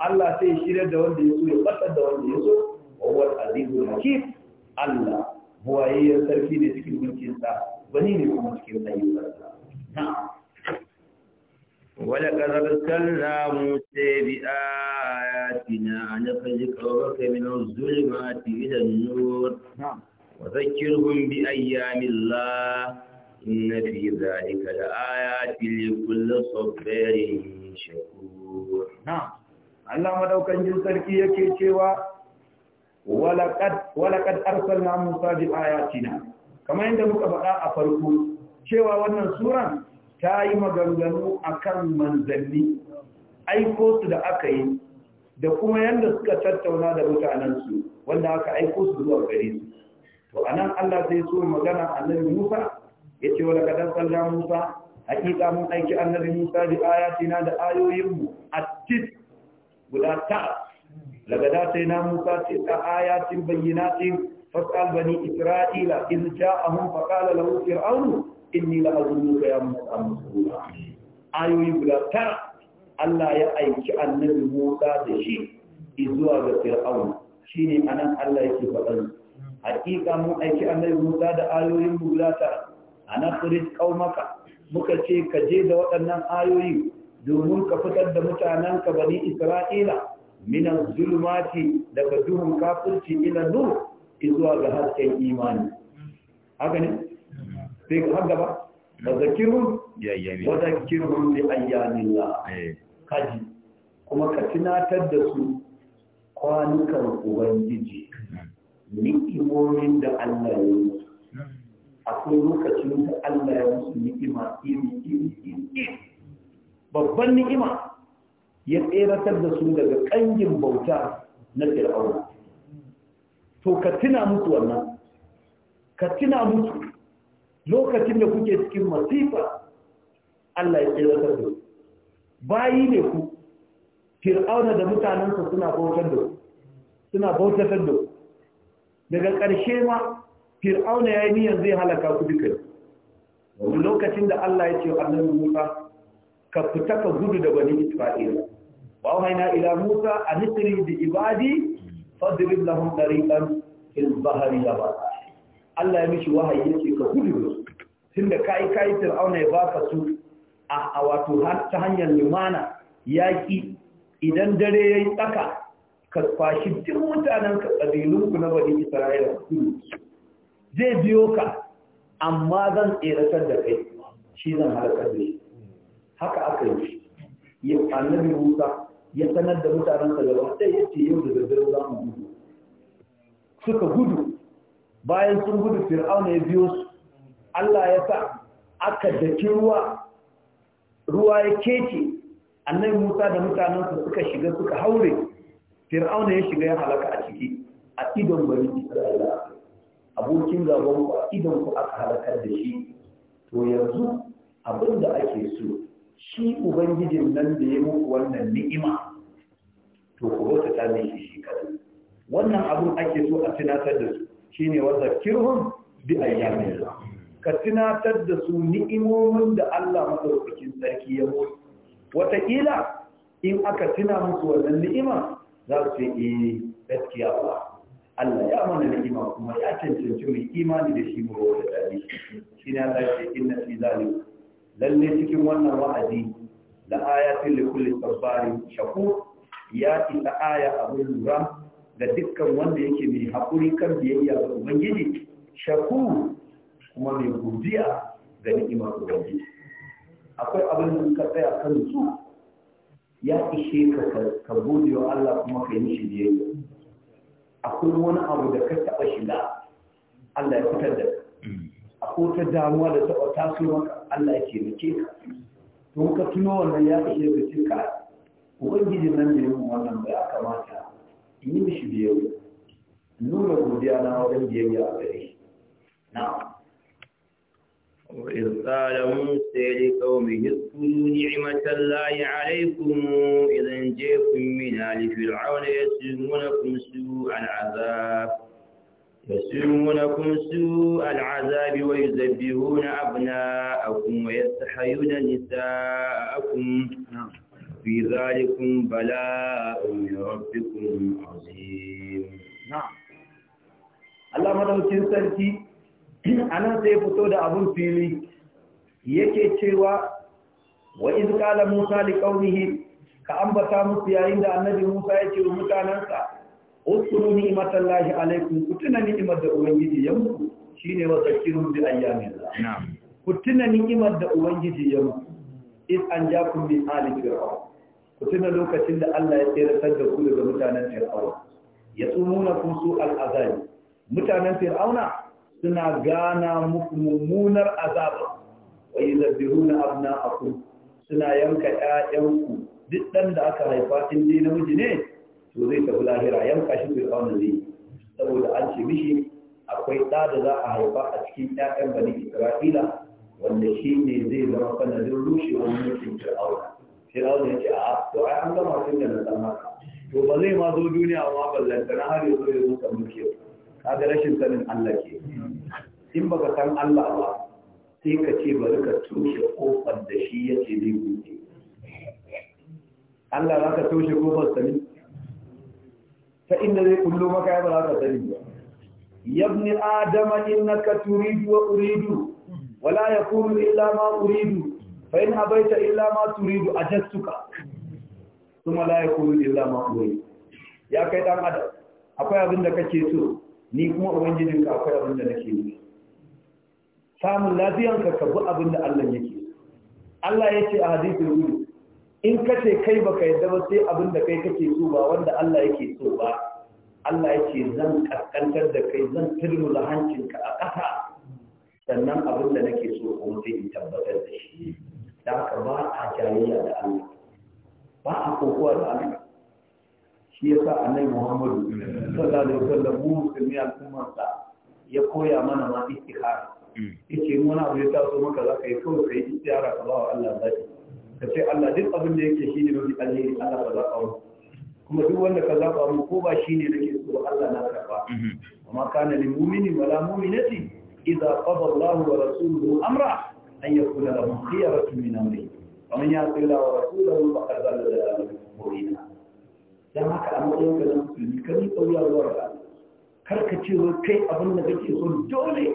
Speaker 1: Allah sai ya shirya da wanda ya so ya batar da wanda ya so wa huwa al-azizul hakim Allah buwayayyar sarki ne cikin sa bani ne kuma cikin ayyukansa na'am wala ka zarkar na mutse bi a yati na na kaji kawo ka zuri ma ti idan nur wa zakir bi ayyamin la na Allah madaukan jin sarki yake cewa walaqad walaqad musa kamar yadda muka faɗa a farko cewa wannan suran ta yi maganganu a kan manzanni aiko su da aka yi da kuma yadda suka tattauna da mutanensu wanda aka aiko su zuwa gare su to a nan allah sai so magana annabi musa ya ce wa kadan salla musa hakika mun aiki annabi musa da ayatina da ayoyinmu a tit guda ta daga da sai na musa ce ta ayatin bayyanatin fasal bani isra'ila in ja'ahum faqala lahu fir'aunu inni la azunuka ya musa masrura ayoyi guda tara Allah ya aiki annabi Musa da shi zuwa ga Fir'aun shine anan Allah yake faɗa hakika mun aiki annabi Musa da ayoyin guda tara ana khurid qaumaka muka ce ka je da waɗannan ayoyi domin ka fitar da mutanen ka bani Isra'ila min zulmati daga duhun kafirci ila nur zuwa ga hasken imani haka ne sai har gaba ba, zakirun wa zakirun bi la eh. kaji kuma ka tunatar da su kwanukan ubangiji ni'imomin da Allah ya yi akwai lokacin da Allah ya musu ni'ima iri iri iri babban ni'ima ya tseratar da su daga kangin bauta na fir'auna to ka tuna musu wannan ka tuna musu lokacin da kuke cikin masifa Allah ya ce tsirata da bayi ne ku fir'auna da mutanensa suna bautar da suna bautar da daga ƙarshe ma fir'auna ya yi niyan zai halaka ku duka wani lokacin da Allah ya ce wa annabi Musa ka fita ka gudu da bani Isra'ila wa hayna ila Musa an bi ibadi fadrib lahum tariqan fil bahri yabata Allah ya mishi wahayi yake ka gudu da su tunda kai kai fir'auna ya baka su a wato ta hanyar limana yaki idan dare yayi tsaka ka kwashi duk mutanen ka kabilun ku na bani Isra'ila su. zai biyo ka amma zan tsiratar da kai shi zan halakar da shi haka aka yi ya annabi Musa ya sanar da mutanen sa gaba sai yace yau da daddare za mu gudu suka gudu bayan sun gudu fir'auna ya biyo su Allah ya sa aka daki ruwa ruwa ya keke annabi Musa da mutanensa suka shiga suka haure fir'auna ya shiga ya halaka a ciki a idon bari Isra'ila abokin gaban ku a idon ku aka halakar da shi to yanzu abin da ake so shi ubangijin nan da ya muku wannan ni'ima to ku bauta ta mai shi shi wannan abin ake so a tunatar da su shine wa kirhun? bi ayyamillah ka tunatar da su ni'imomin da Allah madaukakin sarki ya mutu wataƙila in aka tuna musu wannan ni'ima za su ce eh gaskiya ba Allah ya mana ni'ima kuma ya cancanci imani da shi mu da dadi shi ne Allah ya ce inna fi zalim lalle cikin wannan wa'azi la ayatin li kulli sabarin shakur ya isa aya abin lura Da dukkan wanda yake mai haƙuri kan biyayya ga ubangiji shaku kuma mai godiya ga ni'imar ubangiji akwai abin da ka tsaya kan su ya ishe ka ka gode wa Allah kuma ka yi mishi biyayya akwai wani abu da ka taɓa shiga Allah ya fitar da akwai wata damuwa da taɓa taso maka Allah ya taimake ka to ka tuno wannan ya ishe ka ce ka ubangiji nan da yin wannan bai kamata in yi mishi biyayya nuna godiya na wajen biyayya a gare shi na وإذ قال موسى لقومه اذكروا نعمة الله عليكم إذا أنجيكم من آل فرعون يسومونكم سوء العذاب يسومونكم سوء العذاب ويذبحون أبناءكم ويستحيون نساءكم نعم في ذلكم بلاء من ربكم عظيم نعم Allah madaukin sarki anan sai fito da abun fili yake cewa wa iz qala Musa li qaumihi ka ambata musu yayin da annabi Musa ya ce wa mutanansa uskuru ni'matallahi alaikum kutuna tuna ni'imar da ubangiji ya muku shine wa zakirun bi ayyamillah na'am ku tuna ni'imar da ubangiji ya muku iz anjakum min ali fir'aun ku tuna lokacin da Allah ya tseratar da ku daga mutanen fir'auna ya tsumuna kun su al'azabi mutanen fir'auna suna gana muku mummunar azaba wa yuzabbiruna abna'akum suna yanka 'ya'yanku duk ɗan da aka haifa in dai namiji ne to zai tafi lahira yanka shi fir'auna zai saboda an ce mishi akwai ɗa da za a haifa a cikin ƴaƴan bani isra'ila wanda shi ne zai zama sanadin rushewar mulkin fir'auna fir'aun ya ce a to ai an gama tun da na san to ba zai ma zo duniya ma ballanta na har yanzu ya zo ka mulki kaga rashin sanin Allah ke in baka san Allah ba sai ka ce bari ka toshe kofar da shi yace zai buɗe Allah za ka toshe kofar sani ta inda zai kullo maka ya ba za ka sani ba yabni adama innaka turidu wa uridu wala yakunu illa ma uridu fa in ta illa ma turidu ajastuka kuma la yakunu illa ma uridu ya kai dan adam akwai abin da kake so ni kuma ubangijin ka akwai abin da nake yi samun lafiyan ka ka bi abin da Allah yake Allah ya ce a hadisul gudu, in ka ce kai baka yadda ba sai abin da kai kake so ba wanda Allah yake so ba Allah ya ce zan kaskantar da kai zan turmu da hancinka a ƙasa sannan abin da nake so kuma sai in tabbatar da shi da aka ba a jayayya da Allah ba a kokowa da Allah shi ya sa annai muhammadu sallallahu alaihi wasallam mu musulmi al'ummarsa ya koya mana ma istihara yace in wani abu ya taso maka za ka yi kawai ka yi istihara ka ba wa Allah zaki ka ce Allah duk abin da yake shine mafi alheri Allah ka zaba kuma duk wanda ka zaba mu ko ba shine nake so Allah na karba mhm. amma kana lil mu'mini wala mu'minati idza qada Allahu wa rasuluhu amra أن يكون لهم خيرة من أمره ومن يعصي الله ورسوله فقد ضل ضلالا مبينا dan haka a matsayin ka zama musulmi ka yi tsauyarwar ka kar ka ce wai kai abin da kake so dole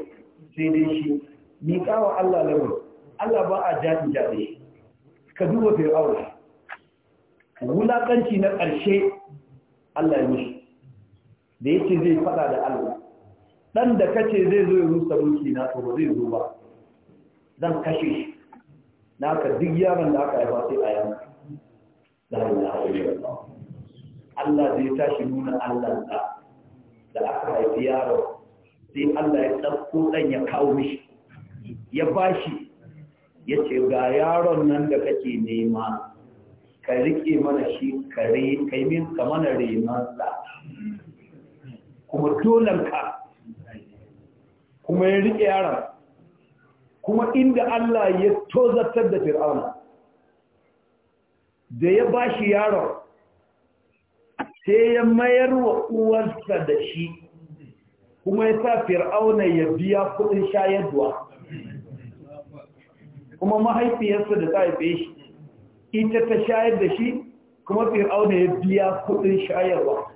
Speaker 1: sai dai shi miƙa wa Allah lamarin Allah ba a jaɗi jaɗe ka duba fir'auna wulaƙanci na ƙarshe Allah ya mishi da zai faɗa da Allah ɗan da kace zai zo ya rusa mulki na to ba zai zo ba zan kashe shi na ka duk yaron da aka haifa sai a yanka da Allah zai tashi nuna Allah da da aka haifi yaro sai Allah ya ɗauko ɗan ya kawo mishi ya bashi ya ce ga yaron nan da kake nema ka riƙe mana shi kare kai min ka mana renansa kuma dolanka kuma ya riƙe yaron kuma inda Allah ya tozartar da fir'auna da ya bashi yaron sai ya mayar wa uwarsa da shi kuma ya sa fir'auna ya biya kudin shayarwa kuma mahaifiyarsa da ta haife shi ita ta shayar da shi kuma fir'auna ya biya kudin shayarwa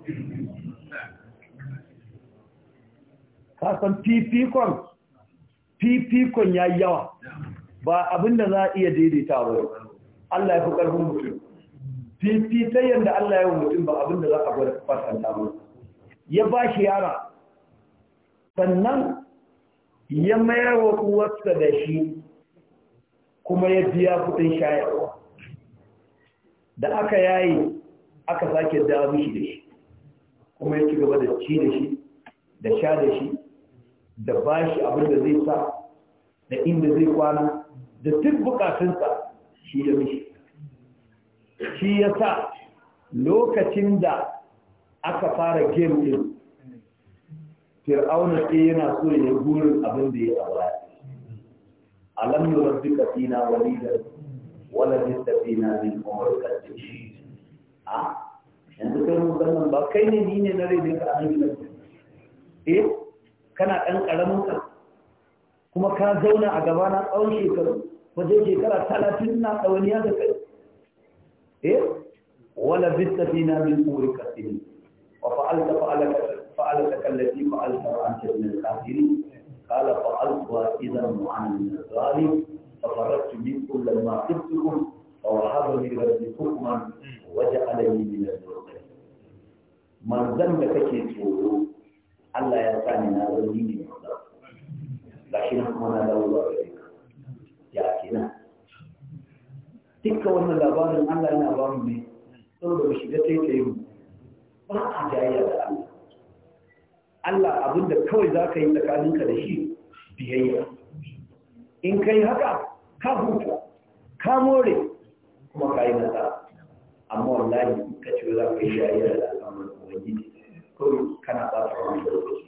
Speaker 1: kasan fifikon fifikon ya yi yawa ba abin da za a iya daidaita ba Allah ya fi ƙarfin mutum fifitai yadda Allah ya yi mutum ba abin da za a gwada fasanta ba ya ba shi yara sannan ya mayar wa kuwarsa da shi kuma ya biya kudin shayarwa da aka yayi aka sake dawo mishi da shi kuma ya ci gaba da ci da shi da sha da shi da bashi abin da zai sa da inda zai kwana da duk bukatunsa shi ya mishi shi ya sa lokacin da aka fara game din fir'auna ke yana so ya gurin abin da ya tsara alam yurabbika fina walida wala bistafina min umrika a ah, yanzu kai mun ba kai ne ni ne na rage ka annabi eh kana ɗan ƙaramin ka kuma ka zauna a gaba na tsawon shekaru wajen shekara talatin na tsawaniya da kai eh wala bista fi na min kuri kasiri wa fa'alta fa'alta kallafi fa'alta ra'anta min al kala qala fa'altu wa idan mu'ana min al-zalim fa faratu min kullum ma qibtukum fa wahaba li rabbi hukman wa ja'alani min al-mursalin manzan da kake tsoro Allah ya sa ni na zo ni ne ga shi na kuma na dawo zuwa gare ka ya kenan duka wannan labarin Allah yana ba mu ne saboda mu shiga taitaye mu ba a jayayya da Allah Allah abinda kawai za ka yi tsakaninka da shi biyayya in ka yi haka ka huta ka more kuma ka yi nasa amma wallahi ka ce za ka yi jayayya da kawai kana ba ta wani lokaci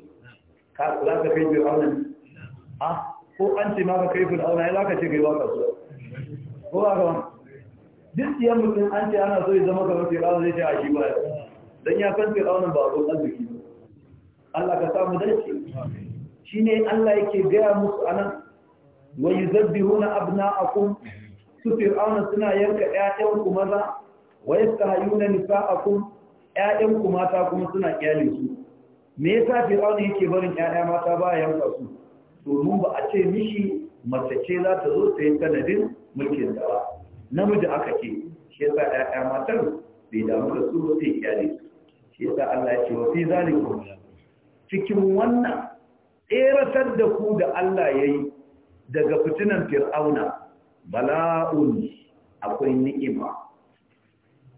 Speaker 1: za ka kai fir'auna ne a ko an ce ma ka kai fir'auna ya za ka ce kai waka su ko ba ka wani duk siyan mutum an ce ana so ya zama kamar fir'auna zai ce a shi baya don ya san fir'aunan ba a abin arziki ba Allah ka samu dace shi ne Allah yake gaya musu a nan? anan wa yuzabbihuna abna'akum su fir'auna suna yanka ƴaƴanku maza wa yastahayuna nisa'akum ƴaƴanku mata kuma suna kyale su me yasa fir'auna yake barin ƴaƴa mata ba ya yanka su domin ba a ce mishi mace ce za ta zo ta yi sanadin mulkin ba. namiji aka ce shi yasa ƴaƴa matan bai damu da su ba sai kyale su shi yasa Allah ya ce wa fi zalikum cikin wannan tseratar da ku da Allah ya yi daga fitinan fir'auna bala'un akwai ni'ima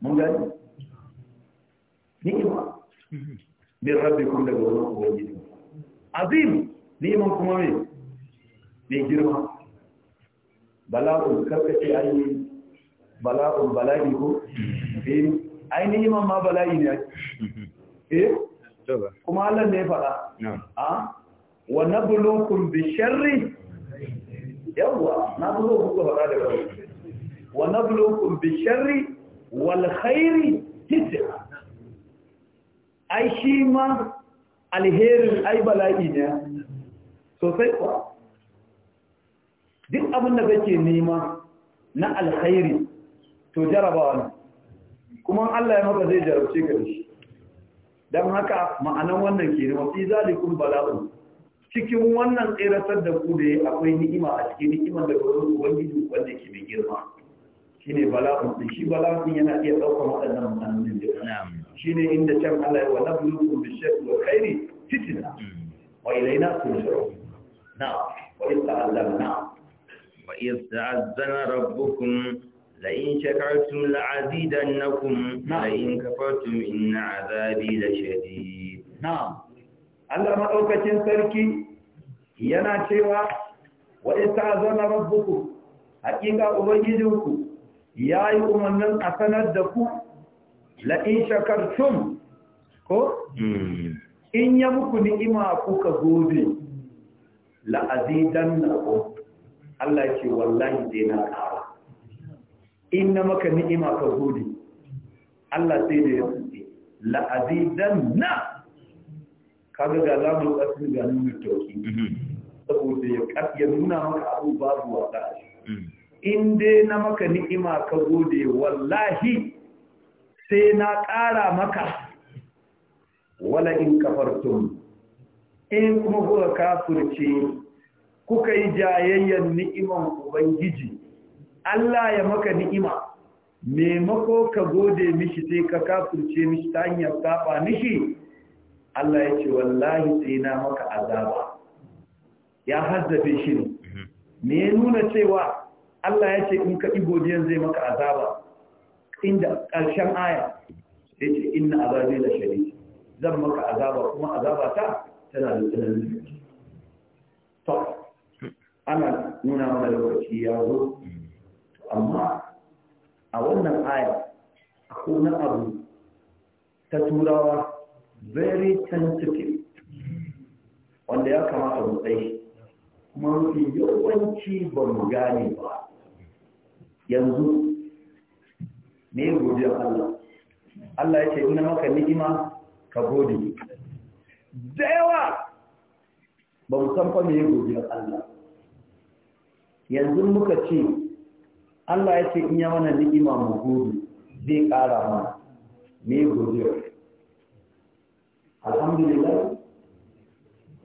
Speaker 1: mun gani ni'ima min rabbikum daga wurin ubangiji azim ni'iman kuma me mai girma bala'un karkace ainihin bala'un bala'i ko eh. ma bala'i ne eh kuma Allah ne faɗa a ah? wa nabluukum yawa nabluukum ko faɗa da kawai wa nabluukum bi sharri wal ai shi ma alherin ai bala'i ne sosai kuwa duk abin da kake nema na alkhairi to jarabawa ne kuma Allah ya maka zai jarabce ka shi don haka ma'anan wannan ke ne wasu zalikun bala'un cikin wannan tseratar da ku da akwai ni'ima a cikin ni'iman da gurin ubangiji wanda ke mai girma shine bala'un shi bala'un yana iya ɗaukar waɗannan mutanen da ne inda can Allah ya wa nabluukum bish-sharri wal khairi fitna wa ilayna turja'un na wa in ta'allamna wa in ta'azzana na لئن شكرتم لعزيدنكم لئن كفرتم إن عذابي لشديد نعم Allah maɗaukacin sarki yana cewa wa isa zana rabbuku haƙiƙa ubangijinku ya yi umarnin a sanar da ku la'in shakartum ko? Hmm. in ya muku ni'ima kuka gobe la'azidan na ko Allah ce wallahi zai na ƙara in na maka ni'ima ka gobe Allah sai da ya kuɗe la'azidan na kaga ga lamun ƙasar ga nuna tauki hmm. saboda ya nuna maka abu babu wata hmm. in dai na maka ni'ima ka gode wallahi sai na ƙara maka wala in kafartum in kuma kuka kafurce kuka yi jayayyen ni'iman ubangiji Allah ya maka ni'ima me maimako ka gode mishi sai ka kafurce mishi ta hanyar saba mishi Allah ya ce wallahi sai na maka azaba ya hazzabe shi ne mhm. me ya nuna cewa Allah ya ce in ka yi zai maka azaba inda ƙarshen aya sai ce inna azabi na shari zan maka azaba kuma azaba ta tana da tsananin to ana nuna mana lokaci ya zo amma a wannan aya akwai wani abu ta turawa very sensitive wanda ya kamata mu tsaye kuma mafi yawanci ba mu gane ba yanzu me godiya Allah Allah ya ce ina maka ni'ima ka gode da yawa ba mu san ya yi godiya Allah yanzu muka ce Allah ya ce in ya mana ni'ima mu gode zai ƙara mana me godiya alhamdulillah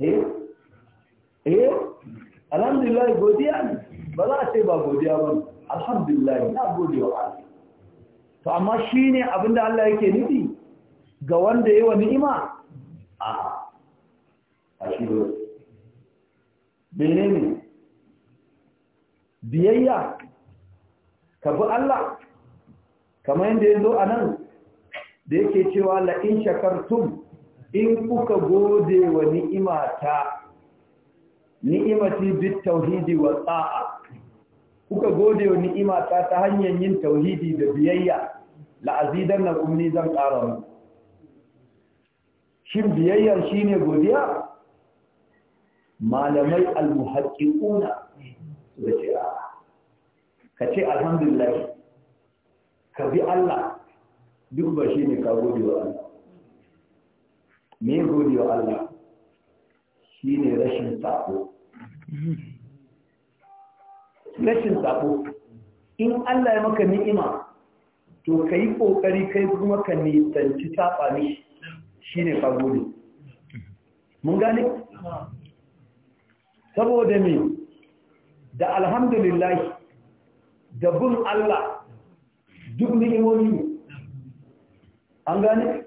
Speaker 1: eh eh alhamdulillah godiya ne ba za a ce ba godiya ba alhamdulillah na godiya wa Allah to amma shi ne abinda Allah yake nufi ga wanda yi wa ni'ima a a shi biyayya ka bi Allah kamar yadda ya zo a nan da yake cewa la'in shakartum in kuka gode wa ni'imata ni'imati bit tauhidi wa tsa'a kuka gode wa ni'ima ta ta hanyar yin tauhidi da biyayya la'azidan na kumni zan ƙara mu shin biyayyar shine godiya malamai almuhaqqiquna da ce ka ce alhamdulillah ka bi Allah duk ba shine ka gode wa Allah me gode wa Allah shine rashin sako rashin sako in Allah ya maka ni'ima to ka yi ƙoƙari kai kuma ka nisanci taɓa ne shi ne fagode mun gane? saboda me da alhamdulillahi da bin Allah duk ni'imomi an gane?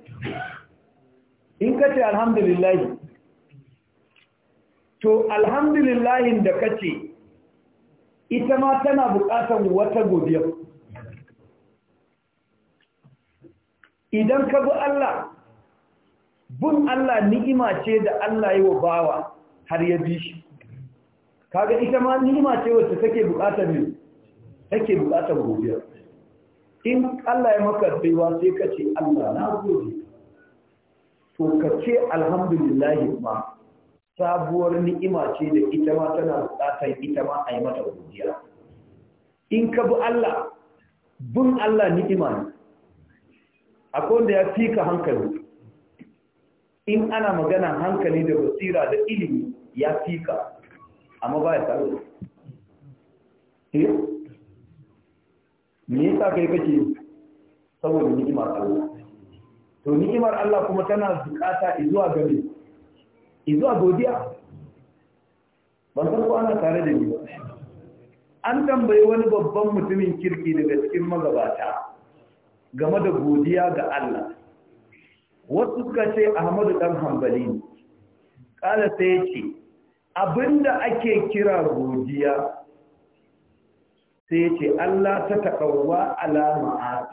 Speaker 1: in ka ce alhamdulillahi to alhamdulillahin da ka ce ita ma tana buƙatar wata godiya idan ka bi Allah bin Allah ni'ima ce da Allah yi wa bawa har ya bi shi kaga ita ma ni'ima ce wacce take buƙatar ne take buƙatar godiya in Allah ya maka baiwa sai ka ce Allah na gode to ka ce alhamdulillah ma sabuwar ni'ima ce da ita ma tana buƙatar ita ma a yi mata godiya in ka bi Allah bin Allah ni'ima ne akwai wanda ya fi ka hankali in ana magana hankali da basira da ilimi ya fi ka amma ba ya tsaro eh me yasa kai kake saboda ni'imar Allah to ni'imar Allah kuma tana buƙata zuwa gare izuwa godiya ban san ana tare da ni an tambayi wani babban mutumin kirki daga cikin magabata game da godiya ga Allah wasu suka ce Ahmadu dan Hanbali ne kala sai ya ce abinda ake kira godiya sai ya ce Allah ta taƙawa alama a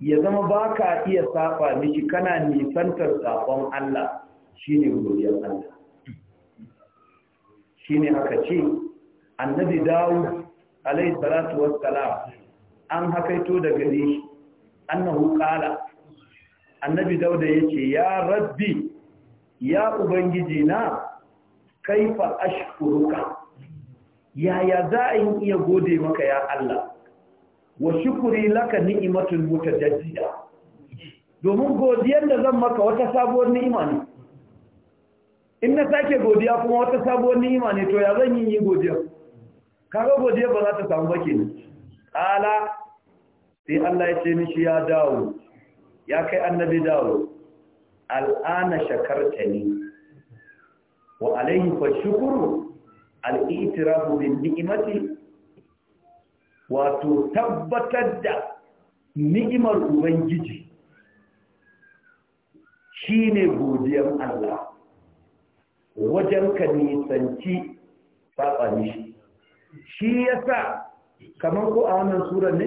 Speaker 1: ya zama baka iya saba miki kana nisantar sabon Allah shine godiyar Allah shine aka ce annabi Dawud alayhi salatu wassalam an hakaito da gare shi annahu qala annabi Dawud yace ya rabbi ya ubangiji na kaifa ashkuruka yaya za a iya gode maka ya Allah wa shukuri laka ni'matul mutajaddida domin godiyar da zan maka wata sabuwar ni'ima ne in na sake godiya kuma wata sabuwar ni'ima ne to ya zan yi yi godiya kaga godiya ba za ta samu bake ne ala sai Allah ya ce mishi ya dawo ya kai annabi dawo al'ana shakarta ne. wa alaihi fa shukuru al'itirafu bin ni'imati wato tabbatar da ni'imar ubangiji shine godiyar Allah wajen ka nisanci saba Shi shi yasa kamar ko a wannan sura ne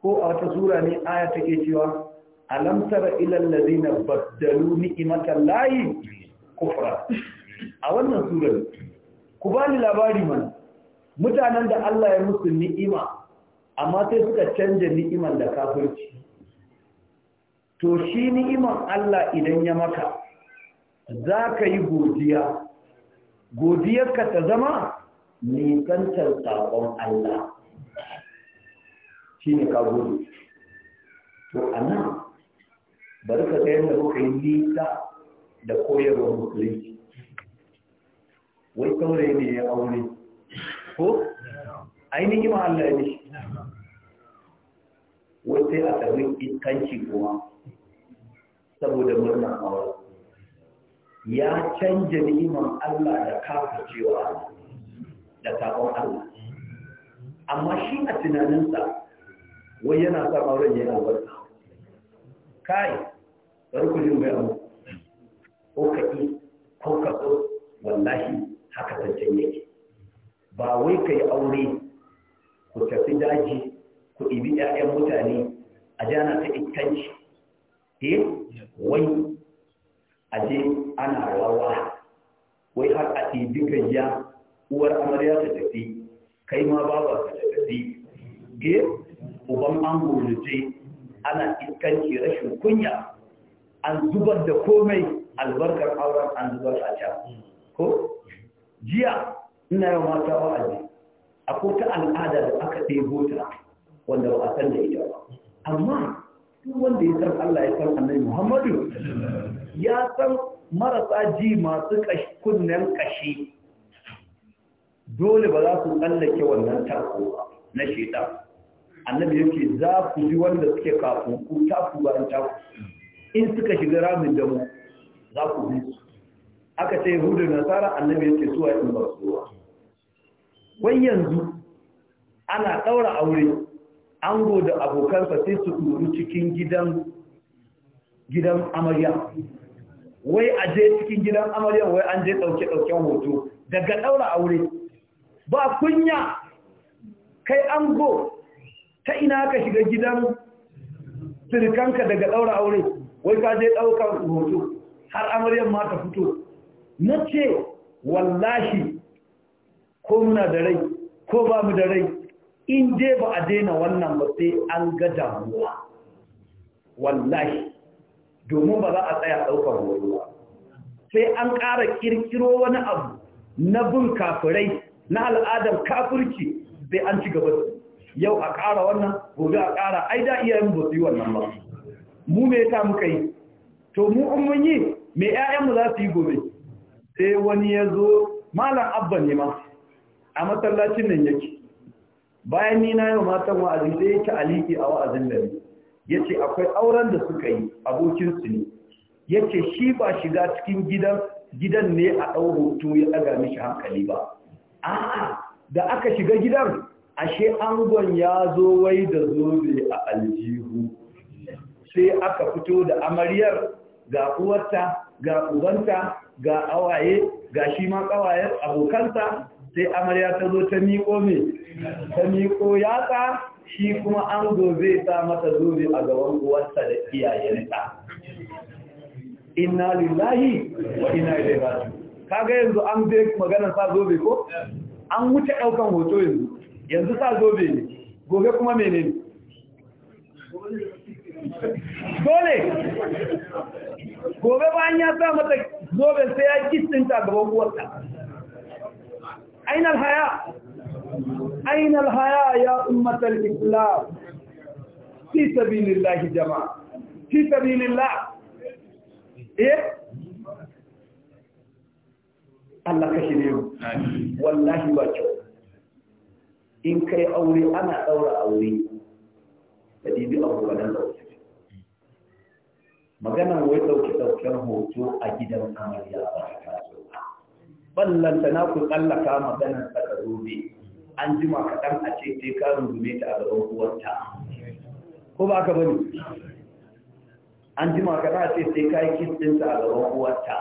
Speaker 1: ko a wata sura ne aya take cewa alam tara ilal ladina baddalu ni'matan lahi kufra a wannan sura ku bani labari mana mutanen da Allah ya musu ni'ima amma sai suka canja ni'iman da kafirci to shi ni'iman Allah idan ya maka za ka yi godiya godiyarka ta zama nisantar saƙon Allah shi ne ka gode to a nan bari ka tsaye da kuka yi nisa da koyarwar musulunci wai saurayi ne ya aure ko ainihin Allah ne wai sai a tabi kanci kuma saboda murnar aure ya canja ni'imar Allah da kafacewa da sabon Allah amma shi a tunaninsa wai yana sa auren yana wata. kai bari ku bai abu ko ka yi ko ka so wallahi haka zancen yake ba wai ka yi aure ku tafi daji ku ibi 'ya'yan mutane a jana ta ikanci eh wai Aje ana rawa wai har a ɗibi gayya uwar amarya ta tafi kai ma baba ka ta tafi ge uban an gurje ana iskanci rashin kunya an zubar da komai albarkar auren an zubar a can ko jiya ina yawan mata aje akwai ta al'ada da aka ɗebo ta wanda ba a san da ita ba amma duk wanda ya san Allah ya san annabi Muhammadu ya san marasa ji masu kunnen kashi dole ba za su tsallake wannan tarko na shaitan annabi yake za ku ji wanda suke kafin ku ba ta ku in suka shiga ramin damu za ku bi aka ce yahudu da nasara annabi yake suwa in ba suwa wai yanzu ana daura aure ango da abokansa sai su ɗuru cikin gidan amarya wai a je cikin gidan amarya wai an je ɗauke-ɗauken hoto daga ɗaura aure ba kunya kai ango ta ina ka shiga gidan sirikanka daga ɗaura aure wai ka je ɗaukar hoto har amaryan ma ta fito na ce wallahi ko muna da rai ko ba mu da rai in je ba a daina wannan ba sai an ga damuwa wallahi domin ba za a tsaya ɗaukar wani ba sai an ƙara ƙirƙiro wani abu na bin kafirai na al'adar kafirci sai an ci gaba yau a ƙara wannan gobe a ƙara ai da iyayen ba su yi wannan ba mu me ta muka yi to mu in mun yi me ƴaƴanmu za su yi gobe sai wani ya zo malam abba ne ma a masallacin nan yake bayan ni na yi matan wa'azi sai yake aliki a wa'azin da yace ya akwai auren da suka yi abokinsu ne ya shi ba shiga cikin gidan gidan ne a ɗau hoto ya daga mishi hankali ba a'a da aka shiga gidan ashe angon ya zo wai da zobe a aljihu sai aka fito da amaryar ga uwarta ga ubanta ga awaye ga shi ma ƙawayen abokanta. sai amarya ta zo ta miƙo me ta miƙo yatsa shi kuma an zai sa mata zobe a gaban uwarsa da iyayenta inna lillahi wa inna ilaihi raji'un kaga yanzu an bai magana sa zobe ko an wuce ɗaukan hoto yanzu yanzu sa zobe ne gobe kuma menene dole gobe bayan ya sa mata zobe sai ya kistinta gaban uwarsa أين الحياء أين الحياء يا أمة الإسلام في سبيل الله جماعة في سبيل الله إيه Allah kashe ne wallahi ba kyau in kai aure ana ɗaura aure da dibi abubuwan ɗauke magana wai ɗauke ɗauken hoto a gidan amarya ba ballanta na ku tsallaka maganar ta ka zobe ji ma kaɗan a ce sai ka dume ta a gaban uwarta ko ba ka bani an ma kaɗan a ce sai ka yi kis a gaban uwarta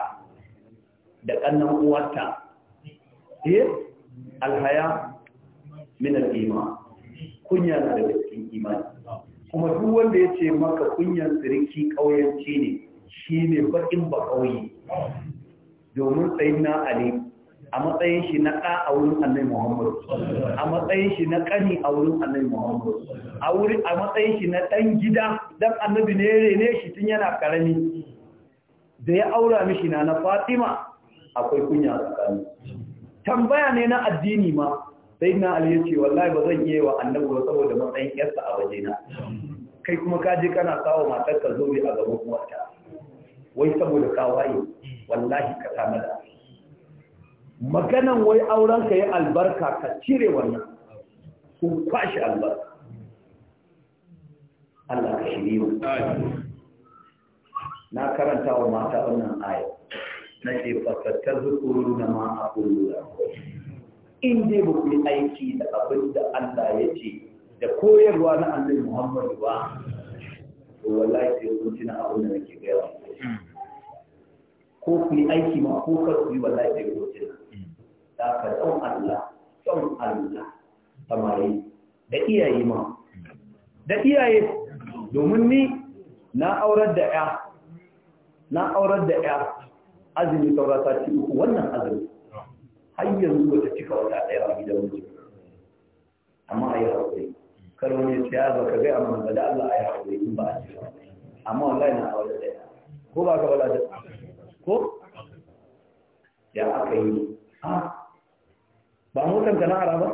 Speaker 1: da ƙannan uwarta eh alhaya min al-iman kunya na da cikin imani kuma duk wanda ya ce maka kunyan siriki ƙauyanci ne shi ne baƙin ba ƙauye domin tsayin na ali a matsayin shi na ƙa a wurin annai muhammadu a matsayin shi na ƙani a wurin annai muhammadu a matsayin shi na ɗan gida don annabi ne rene shi tun yana ƙarami da ya aura mishi na na fatima akwai kunya a tsakani tambaya ne na addini ma sai na ali ce wallahi ba zan iya wa annabi ba saboda matsayin yarsa a wajena kai kuma ka je kana sawo matarka zobe a gaban uwarta wai saboda kawaye wallahi ka samu da maganan wai auren ka yi albarka ka cire wannan kun kwashi albarka Allah ka shiri mu na karanta wa mata wannan aya na ke fasattar zukuru na ma a in dai ba ku yi aiki da abin da Allah ya ce da koyarwa na annabi Muhammadu ba to wallahi sai kun tuna abin da nake gaya ko ku yi aiki ma ko kar ku yi wallahi sai kun tuna da ka ɗan Allah ɗan Allah samari da iyaye ma da iyaye domin ni na aurar da ya na aurar da ya azumi saurata ci uku wannan azumi har yanzu ba ta cika wata ɗaya a gidan mutum amma a yi haƙuri kar wani ya tsaya ba ka gaya mana da Allah a yi haƙuri in ba a ci ba amma wallahi na aurar da ya ko ba ka wala da ko ya aka yi ha, ah, ba motanka na ara ba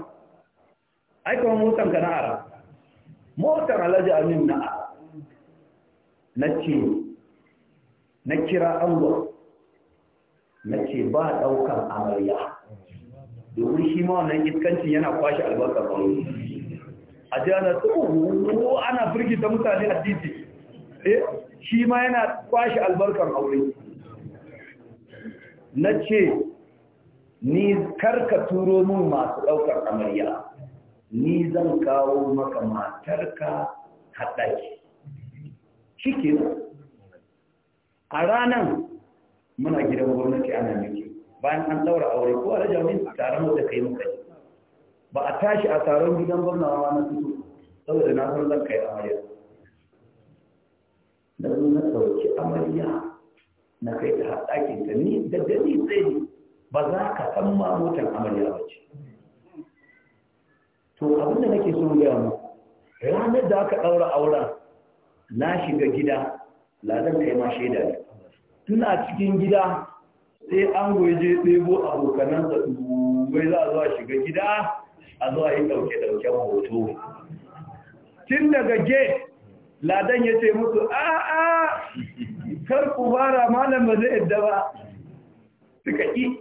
Speaker 1: ai kuma motanka na ara motan alhaji amin na na ce na kira angon na ce ba ɗaukar amarya domin shi ma wannan iskancin yana kwashe albarkar ba a jana tsohu ana firgita mutane a titi eh, shi ma yana kwashe albarkar aure na ce ni karka turo min masu ɗaukar amarya ni zan kawo maka matarka haɗaki shi a ranar muna gidan gwamnati ana miki bayan an daura aure ko a jami'in taron da kai muka yi ba a tashi a taron gidan gwamnati ba na fito saboda na san zan kai amarya na zo na ɗauki amarya na kai ta haɗakin ta ni da gani zai ba za ka san ma motar amarya ba ce to abin da nake so gaya mu ranar da aka ɗaura aura na shiga gida ladan kai ma shaida ne tuna cikin gida sai an je ɗebo abokanansa dubai za a zuwa shiga gida a zuwa yi ɗauke-ɗauken hoto tun daga gate ladan ya ce musu a'a kar ku fara malam ba zai yadda ba suka ƙi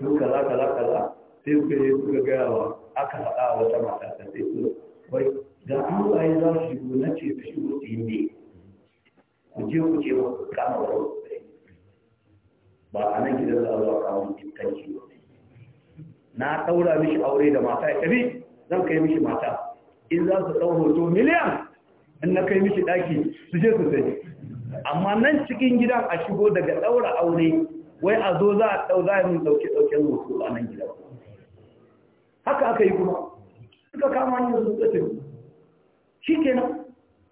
Speaker 1: to kaza kaza kaza sai suka je kuka gaya wa aka haɗa wa wata mata ta sai su wai da an waye za su shigo na ce su shigo su yi ne ku je ku ce ku kama wa ba a nan gidan za a zuwa kawo kanki na ɗaura mishi aure da mata ya tafi zan kai mishi mata in za su ɗau hoto miliyan in na kai mishi ɗaki su je su sai amma nan cikin gidan a shigo daga ɗaura aure wai a zo za a ɗau za a yi ɗauke ɗauken wasu a nan gida haka aka yi kuma suka kama ni da tsotsin shi kenan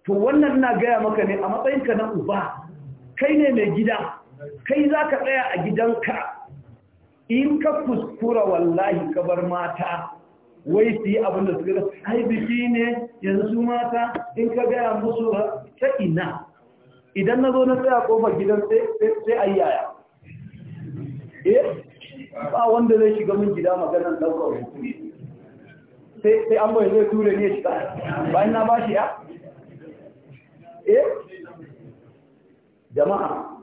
Speaker 1: to wannan na gaya maka ne a ka na uba kai ne mai gida kai za ka tsaya a gidanka in ka kuskura wallahi ka bar mata wai su yi abin da suka ga ai biki ne yanzu mata in ka gaya musu ta ina idan na zo na tsaya kofar gidan sai a yi yaya Eh? ba wanda zai shiga mun gida maganar daukar hutu sai an bai zai ture ne shi bayan na ba shi ya eh jama'a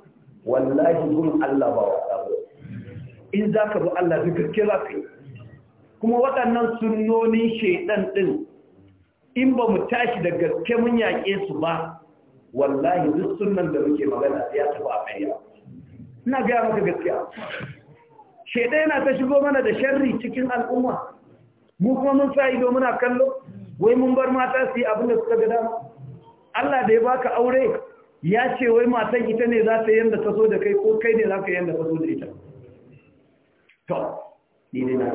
Speaker 1: wallahi gurin Allah ba wata ba in za ka bu Allah da ke za ka yi kuma waɗannan sunnonin shaidan ɗin in ba mu tashi da gaske mun yaƙe su ba wallahi duk sunan da muke magana ya tafi a bayyana ina gaya maka gaskiya shede yana ta shigo mana da sharri cikin al'umma mu kuma mun sa ido muna kallo wai mun bar mata su yi abin da suka ga dama Allah da ya baka aure ya ce wai matan ita ne za ta yanda ta so da kai ko kai ne za ka yanda ta so da ita to ni ne na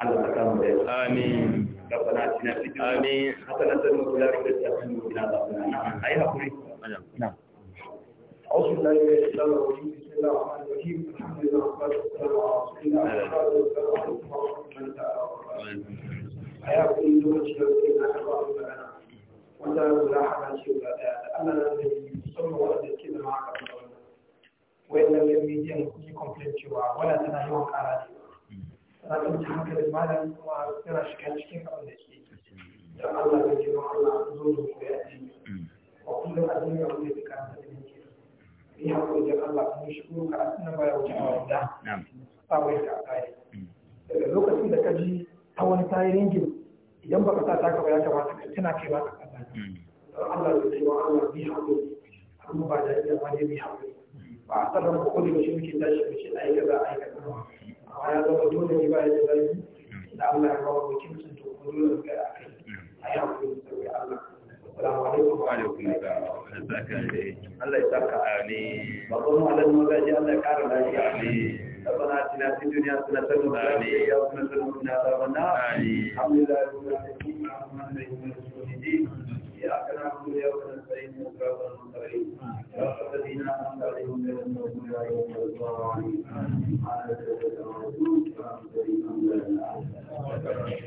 Speaker 1: Allah ta kama da amin أعوذ بالله من الشيطان الرجيم بسم الله الرحمن الرحيم الحمد لله والصلاة والسلام على رسول الله والسلام عليكم ورحمة الله تعالى وبركاته حياكم الله وشكرا لنا حرام لنا وأنا لا حرج ولا أنا الذي صلى الله عليه وسلم معك وإن لم يريد أن يكون كومبلينت ولا تنهيوك على لكن تحمل المال وترى شكل شكل أو نشيء الله يجمع الله زوجه ويأتي وكل الأدوية التي كانت yi haƙuri da Allah kuma shi kuma ka asina baya wuce a wanda sa wai ka mm. lokacin da ka ji ta wani tayi ringin idan baka sa taka ba ya kamata ka tuna kai ba ka kasa mm. Allah ya ce wa Allah bi haƙuri kuma ba da iya ma ne bi haƙuri ba a tsaron ba ko da yaushe muke tashi mu ce ai kaza ai kaza amma ya zama dole ne ba ya da zai mm. da Allah ya ba wa mutum sun to kuma da Allah Allah ya saka amin babban malamin magaji Allah ya kara lafiya amin ربنا اتنا في الدنيا حسنه وفي الاخره حسنه وقنا عذاب النار الحمد لله رب العالمين الرحمن الرحيم مالك يوم الدين اياك نعبد واياك نستعين صراط المستقيم صراط الذين انعمت عليهم غير المغضوب عليهم ولا الضالين امين